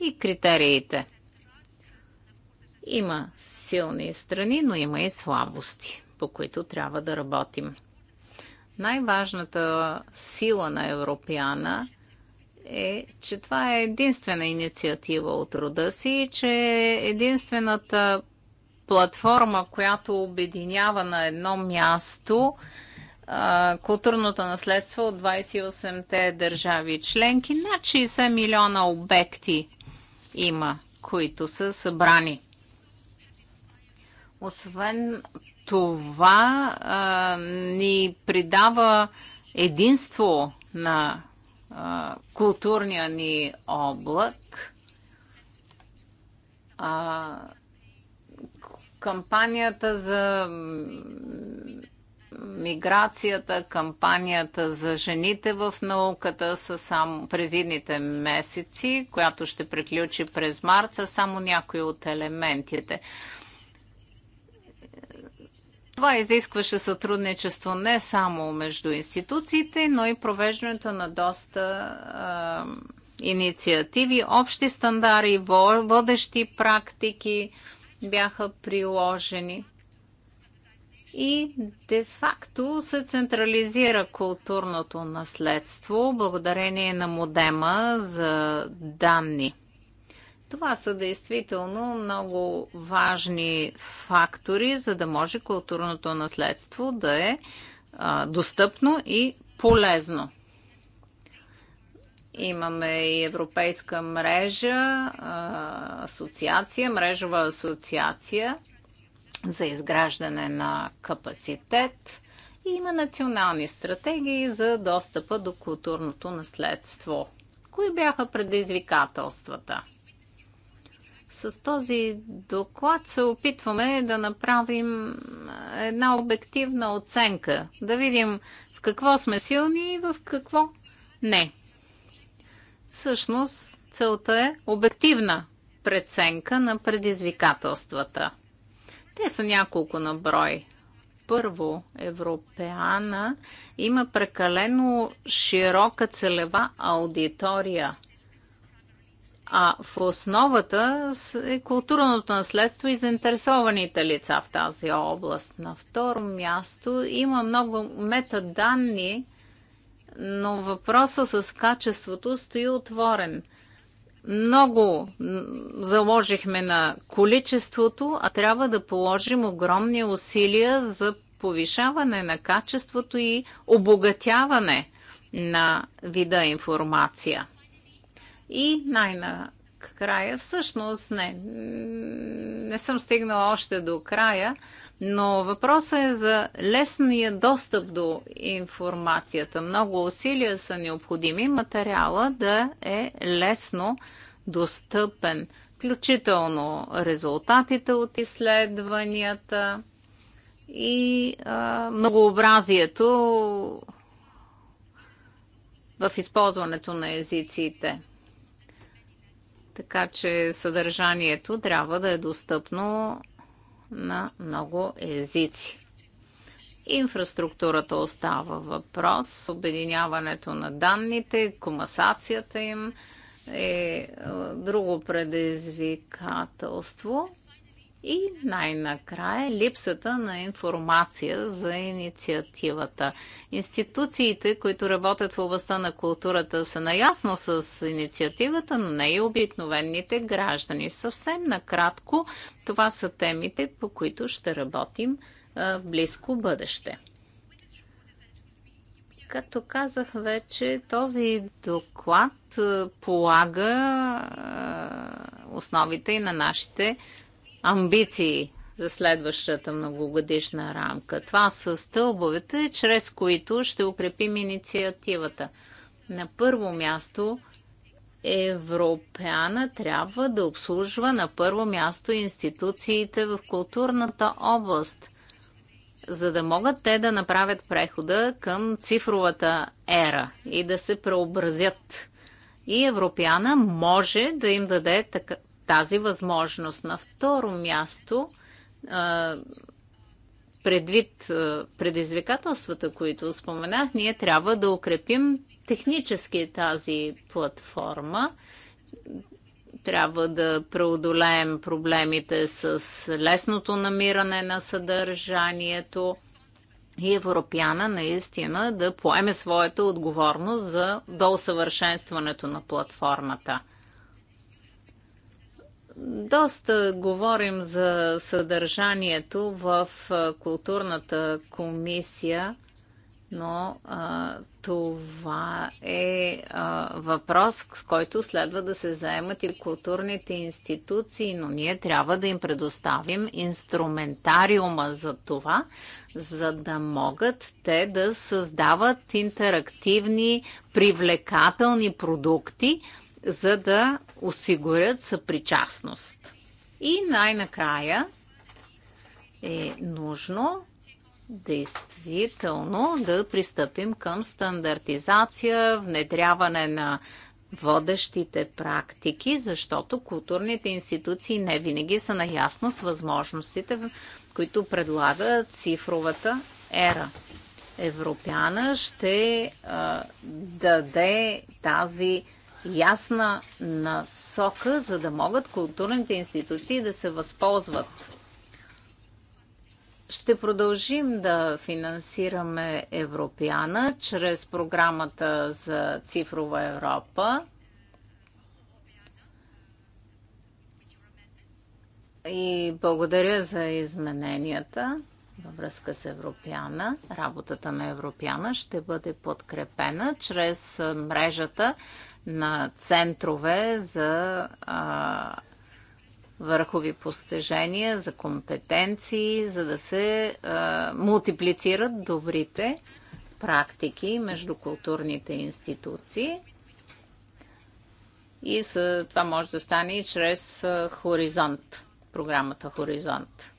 и критериите? Има силни страни, но има и слабости, по които трябва да работим. Най-важната сила на Европиана е, че това е единствена инициатива от рода си, и че е единствената платформа, която обединява на едно място културното наследство от 28-те държави членки. Над 60 милиона обекти има, които са събрани. Освен това, ни придава единство на културния ни облак. А, кампанията за миграцията, кампанията за жените в науката са само през едните месеци, която ще приключи през март, са само някои от елементите. Това изискваше сътрудничество не само между институциите, но и провеждането на доста а, инициативи, общи стандари, водещи практики, бяха приложени. И де-факто се централизира културното наследство благодарение на модема за данни. Това са действително много важни фактори, за да може културното наследство да е а, достъпно и полезно. Имаме и Европейска мрежа, асоциация, мрежова асоциация за изграждане на капацитет и има национални стратегии за достъпа до културното наследство. Кои бяха предизвикателствата? С този доклад се опитваме да направим една обективна оценка, да видим в какво сме силни и в какво не. Всъщност целта е обективна преценка на предизвикателствата. Те са няколко на брой. Първо, Европеана има прекалено широка целева аудитория – а в основата е културното наследство и заинтересованите лица в тази област. На второ място има много метаданни но въпросът с качеството стои отворен. Много заложихме на количеството, а трябва да положим огромни усилия за повишаване на качеството и обогатяване на вида информация. И най-накрая, всъщност, не, не съм стигнала още до края, но въпросът е за лесния достъп до информацията. Много усилия са необходими материала да е лесно достъпен, включително резултатите от изследванията и а, многообразието в използването на езиците. Така че съдържанието трябва да е достъпно на много езици. Инфраструктурата остава въпрос, обединяването на данните, комасацията им е, е друго предизвикателство. И най-накрая липсата на информация за инициативата. Институциите, които работят в областта на културата, са наясно с инициативата, но не и обикновените граждани. Съвсем накратко, това са темите, по които ще работим в близко бъдеще. Както казах вече, този доклад полага основите и на нашите амбиции за следващата многогодишна рамка. Това са стълбовете, чрез които ще укрепим инициативата. На първо място Европеана трябва да обслужва на първо място институциите в културната област, за да могат те да направят прехода към цифровата ера и да се преобразят. И Европеана може да им даде така, тази възможност. На второ място, предвид предизвикателствата, които споменах, ние трябва да укрепим технически тази платформа. Трябва да преодолеем проблемите с лесното намиране на съдържанието и Европяна наистина да поеме своята отговорност за доусъвършенстването на платформата. Доста говорим за съдържанието в културната комисия, но а, това е а, въпрос, с който следва да се заемат и културните институции, но ние трябва да им предоставим инструментариума за това, за да могат те да създават интерактивни, привлекателни продукти, за да осигурят съпричастност. И най-накрая е нужно действително да пристъпим към стандартизация, внедряване на водещите практики, защото културните институции не винаги са наясно с възможностите, които предлага цифровата ера. Европяна ще а, даде тази ясна насока, за да могат културните институции да се възползват. Ще продължим да финансираме Европиана чрез програмата за цифрова Европа. И благодаря за измененията във връзка с Европиана. Работата на Европиана ще бъде подкрепена чрез мрежата на центрове за а, върхови постижения, за компетенции, за да се а, мултиплицират добрите практики между културните институции. И с, това може да стане и чрез а, Хоризонт, програмата Хоризонт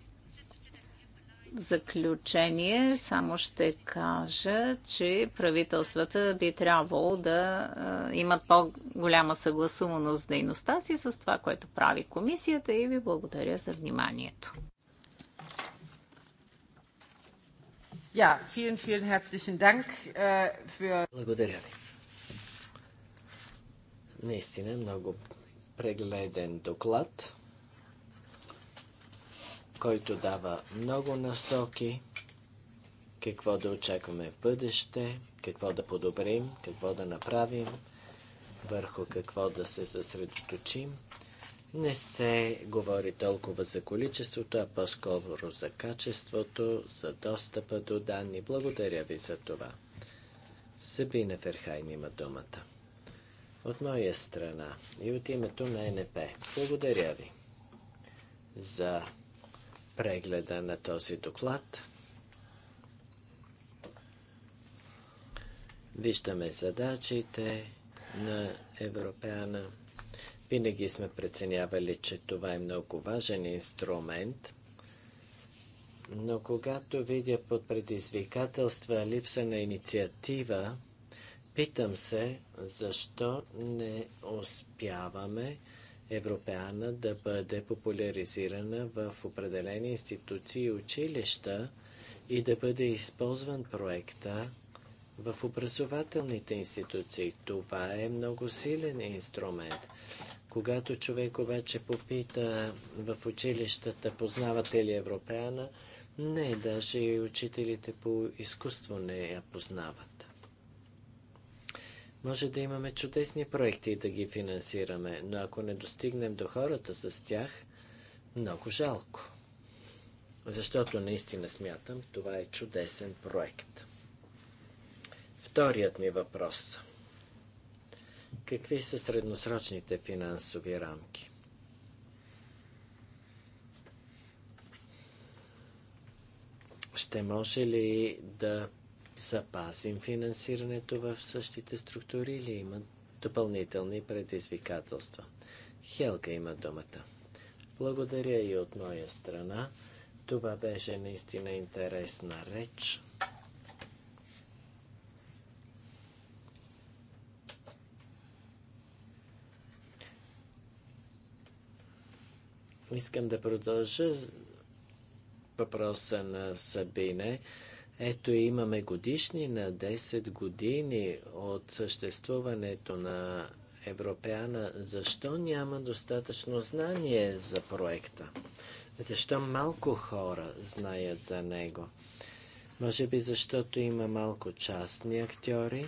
заключение само ще кажа, че правителствата би трябвало да имат по-голяма съгласуваност с дейността си с това, което прави комисията и ви благодаря за вниманието. Ja, vielen, vielen herzlichen Dank äh, für... Благодаря ви. Наистина много прегледен доклад който дава много насоки, какво да очакваме в бъдеще, какво да подобрим, какво да направим, върху какво да се съсредоточим. Не се говори толкова за количеството, а по-скоро за качеството, за достъпа до данни. Благодаря ви за това. Сабина Ферхайм има думата. От моя страна и от името на НП, благодаря ви за прегледа на този доклад. Виждаме задачите на Европеана. Винаги сме преценявали, че това е много важен инструмент. Но когато видя под предизвикателства липса на инициатива, питам се, защо не успяваме Европеана да бъде популяризирана в определени институции и училища и да бъде използван проекта в образователните институции. Това е много силен инструмент. Когато човек обаче попита в училищата, познавате ли Европеана, не, даже и учителите по изкуство не я познават. Може да имаме чудесни проекти и да ги финансираме, но ако не достигнем до хората с тях, много жалко. Защото наистина смятам, това е чудесен проект. Вторият ми въпрос. Какви са средносрочните финансови рамки? Ще може ли да запазим финансирането в същите структури или има допълнителни предизвикателства? Хелга има думата. Благодаря и от моя страна. Това беше наистина интересна реч. Искам да продължа въпроса на Сабине. Ето имаме годишни на 10 години от съществуването на Европеана. Защо няма достатъчно знание за проекта? Защо малко хора знаят за него? Може би защото има малко частни актьори,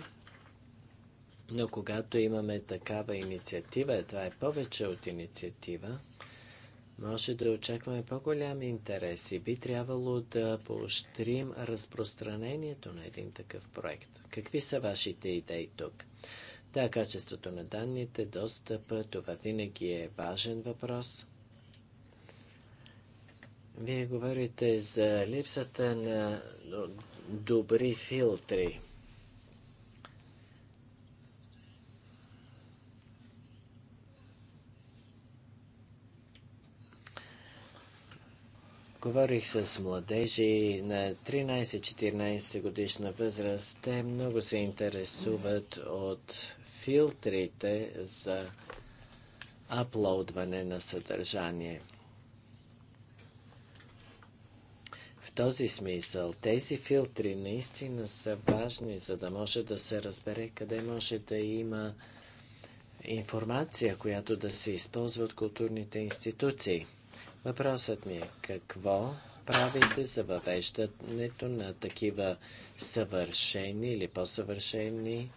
но когато имаме такава инициатива, това е повече от инициатива, може да очакваме по-голям интерес и би трябвало да поощрим разпространението на един такъв проект. Какви са вашите идеи тук? Да, качеството на данните, достъпа, това винаги е важен въпрос. Вие говорите за липсата на добри филтри. Говорих с младежи на 13-14 годишна възраст. Те много се интересуват от филтрите за аплоудване на съдържание. В този смисъл тези филтри наистина са важни, за да може да се разбере къде може да има информация, която да се използва от културните институции – Въпросът ми е какво правите за въвеждането на такива съвършени или по-съвършени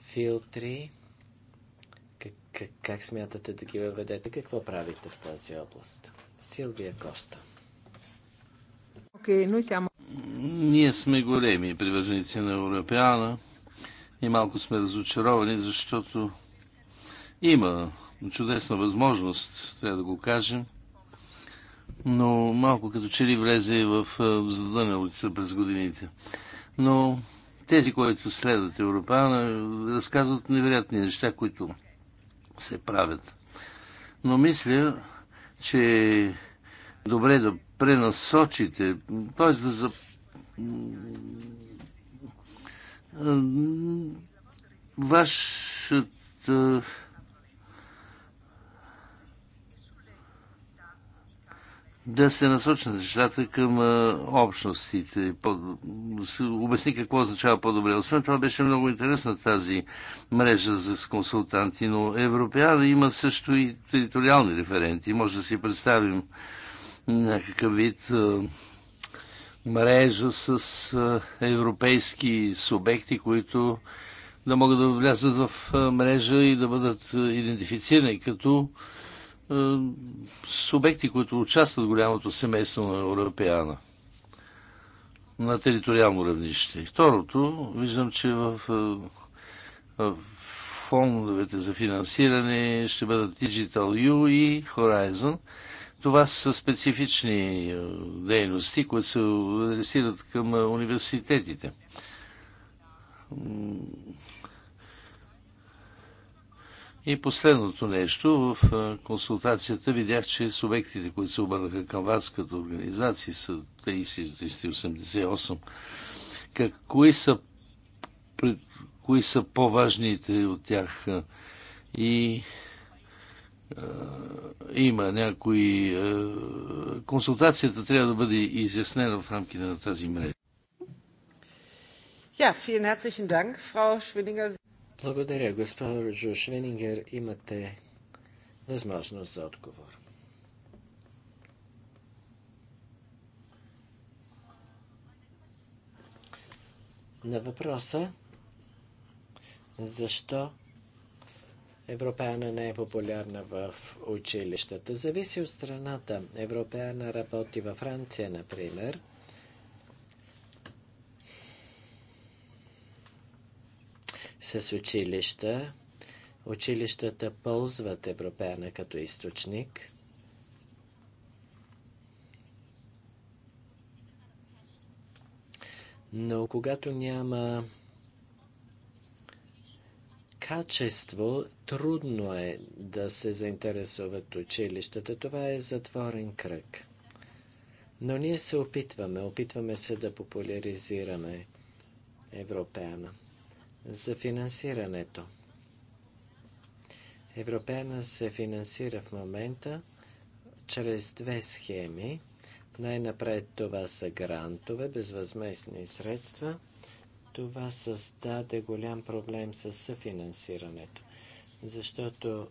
филтри? Как, как, как смятате да ги въведете? Какво правите в тази област? Силвия Коста. Ние сме големи привърженици на Европеана и малко сме разочаровани, защото има чудесна възможност, трябва да го кажем – но малко като че ли влезе в задънелица през годините. Но тези, които следват Европа, разказват невероятни неща, които се правят. Но мисля, че е добре да пренасочите, т.е. да за... Вашата да се насочат нещата към а, общностите. По, обясни какво означава по-добре. Освен това беше много интересна тази мрежа за консултанти, но Европеана има също и териториални референти. Може да си представим някакъв вид а, мрежа с а, европейски субекти, които да могат да влязат в мрежа и да бъдат идентифицирани като е, субекти, които участват в голямото семейство на Европеана на териториално равнище. Второто, виждам, че в, е, в фондовете за финансиране ще бъдат Digital U и Horizon. Това са специфични е, дейности, които се адресират към университетите. И последното нещо, в консултацията видях, че субектите, които се обърнаха към вас като организации, са 30-388. Как, кои са, пред, кои са по-важните от тях? И има някои... Консултацията трябва да бъде изяснена в рамките на тази мрежа. Ja, vielen herzlichen Dank, Frau Schwinninger. Благодаря, госпожо Швенингер. Имате възможност за отговор. На въпроса защо Европеана не е популярна в училищата. Зависи от страната. Европеана работи във Франция, например – с училища. Училищата ползват Европеана като източник. Но когато няма качество, трудно е да се заинтересуват училищата. Това е затворен кръг. Но ние се опитваме, опитваме се да популяризираме Европеана за финансирането. Европейна се финансира в момента чрез две схеми. Най-напред това са грантове, безвъзместни средства. Това създаде голям проблем с съфинансирането, защото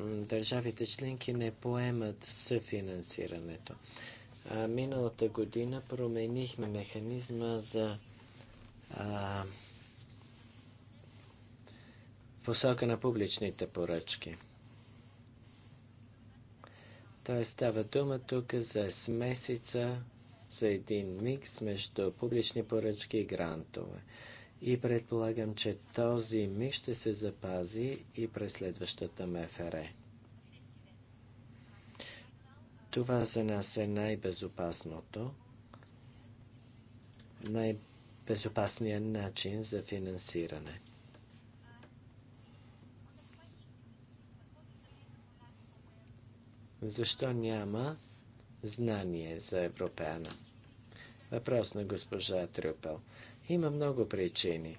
държавите членки не поемат съфинансирането. А миналата година променихме механизма за а, посока на публичните поръчки. Тоест става дума тук за смесица, за един микс между публични поръчки и грантове. И предполагам, че този микс ще се запази и през следващата МФР. Това за нас е най-безопасното, най-безопасният начин за финансиране. Защо няма знание за Европеана? Въпрос на госпожа Трюпел. Има много причини.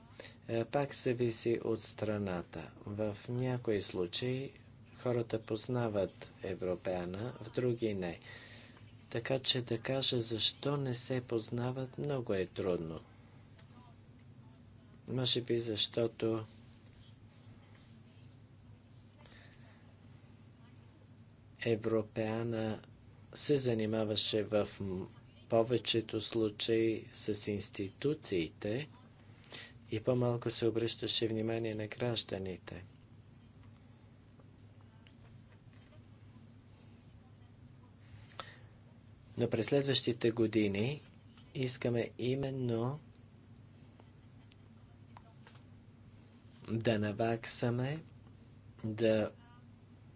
Е, пак се виси от страната. В някои случаи хората познават Европеана, в други не. Така че да кажа защо не се познават много е трудно. Може би защото Европеана се занимаваше в повечето случаи с институциите и по-малко се обръщаше внимание на гражданите. Но през следващите години искаме именно да наваксаме, да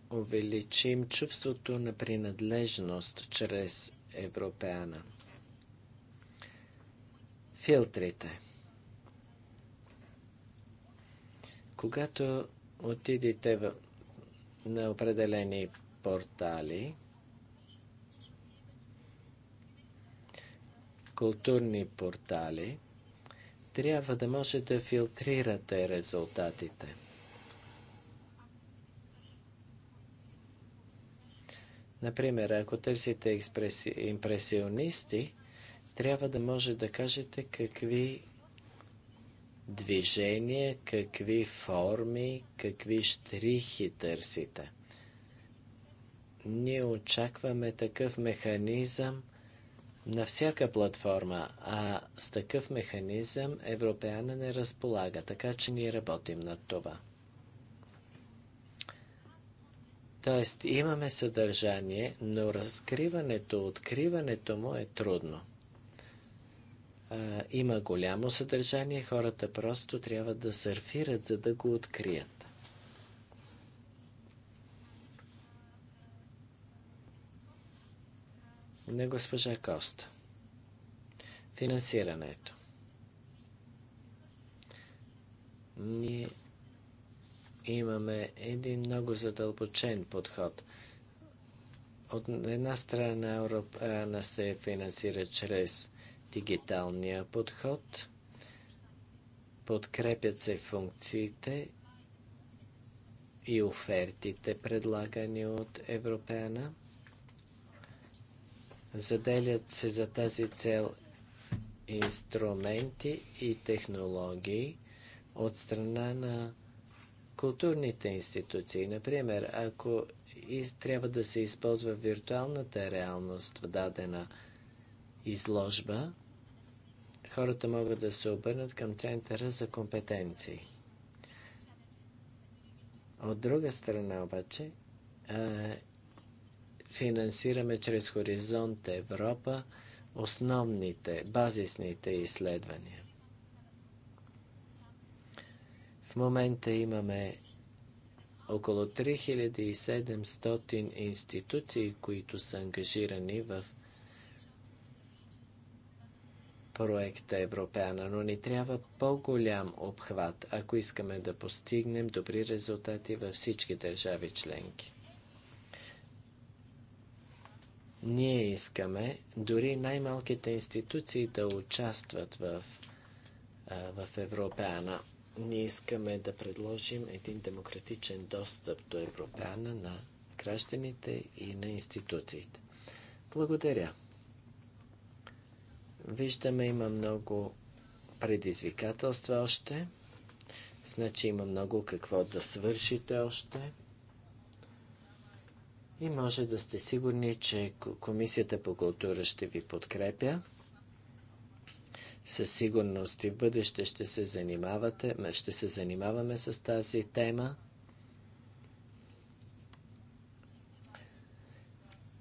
увеличим чувството на принадлежност чрез Европеана. Филтрите. Когато отидете в... на определени портали, културни портали, трябва да може да филтрирате резултатите – Например, ако търсите експреси... импресионисти, трябва да може да кажете какви движения, какви форми, какви штрихи търсите. Ние очакваме такъв механизъм на всяка платформа, а с такъв механизъм Европеана не разполага, така че ние работим над това. Тоест имаме съдържание, но разкриването, откриването му е трудно. А, има голямо съдържание, хората просто трябва да сърфират, за да го открият. На госпожа Коста. Финансирането. Ние имаме един много задълбочен подход. От една страна Европа се финансира чрез дигиталния подход, подкрепят се функциите и офертите, предлагани от Европеана. Заделят се за тази цел инструменти и технологии от страна на културните институции. Например, ако из, трябва да се използва виртуалната реалност в дадена изложба, хората могат да се обърнат към Центъра за компетенции. От друга страна обаче, е, финансираме чрез Хоризонт Европа основните, базисните изследвания. В момента имаме около 3700 институции, които са ангажирани в проекта Европеана, но ни трябва по-голям обхват, ако искаме да постигнем добри резултати във всички държави членки. Ние искаме дори най-малките институции да участват в, в Европеана. Ние искаме да предложим един демократичен достъп до Европеана на гражданите и на институциите. Благодаря. Виждаме, има много предизвикателства още. Значи има много какво да свършите още. И може да сте сигурни, че Комисията по култура ще ви подкрепя със сигурност и в бъдеще ще се занимавате, ще се занимаваме с тази тема.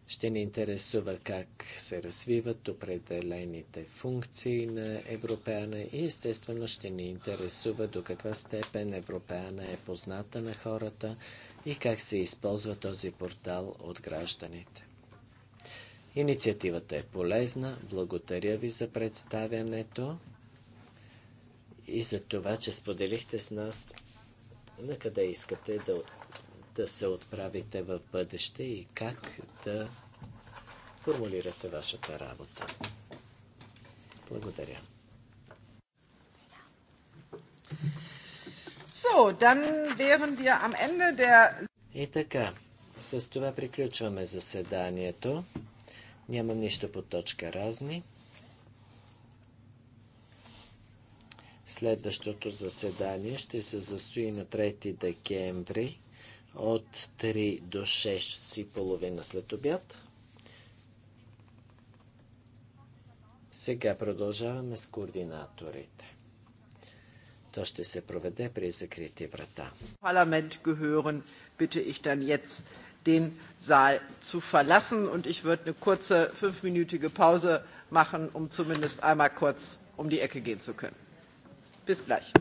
Ще ни интересува как се развиват определените функции на Европеана и естествено ще ни интересува до каква степен Европеана е позната на хората и как се използва този портал от гражданите. Инициативата е полезна. Благодаря ви за представянето и за това, че споделихте с нас на къде искате да, да се отправите в бъдеще и как да формулирате вашата работа. Благодаря. So, dann wären wir am Ende der... И така, с това приключваме заседанието. Няма нищо по точка разни. Следващото заседание ще се застои на 3 декември от 3 до 6 си половина след обяд. Сега продължаваме с координаторите. То ще се проведе при закрити врата. Парламент gehören, bitte ich dann jetzt den Saal zu verlassen. Und ich würde eine kurze fünfminütige Pause machen, um zumindest einmal kurz um die Ecke gehen zu können. Bis gleich.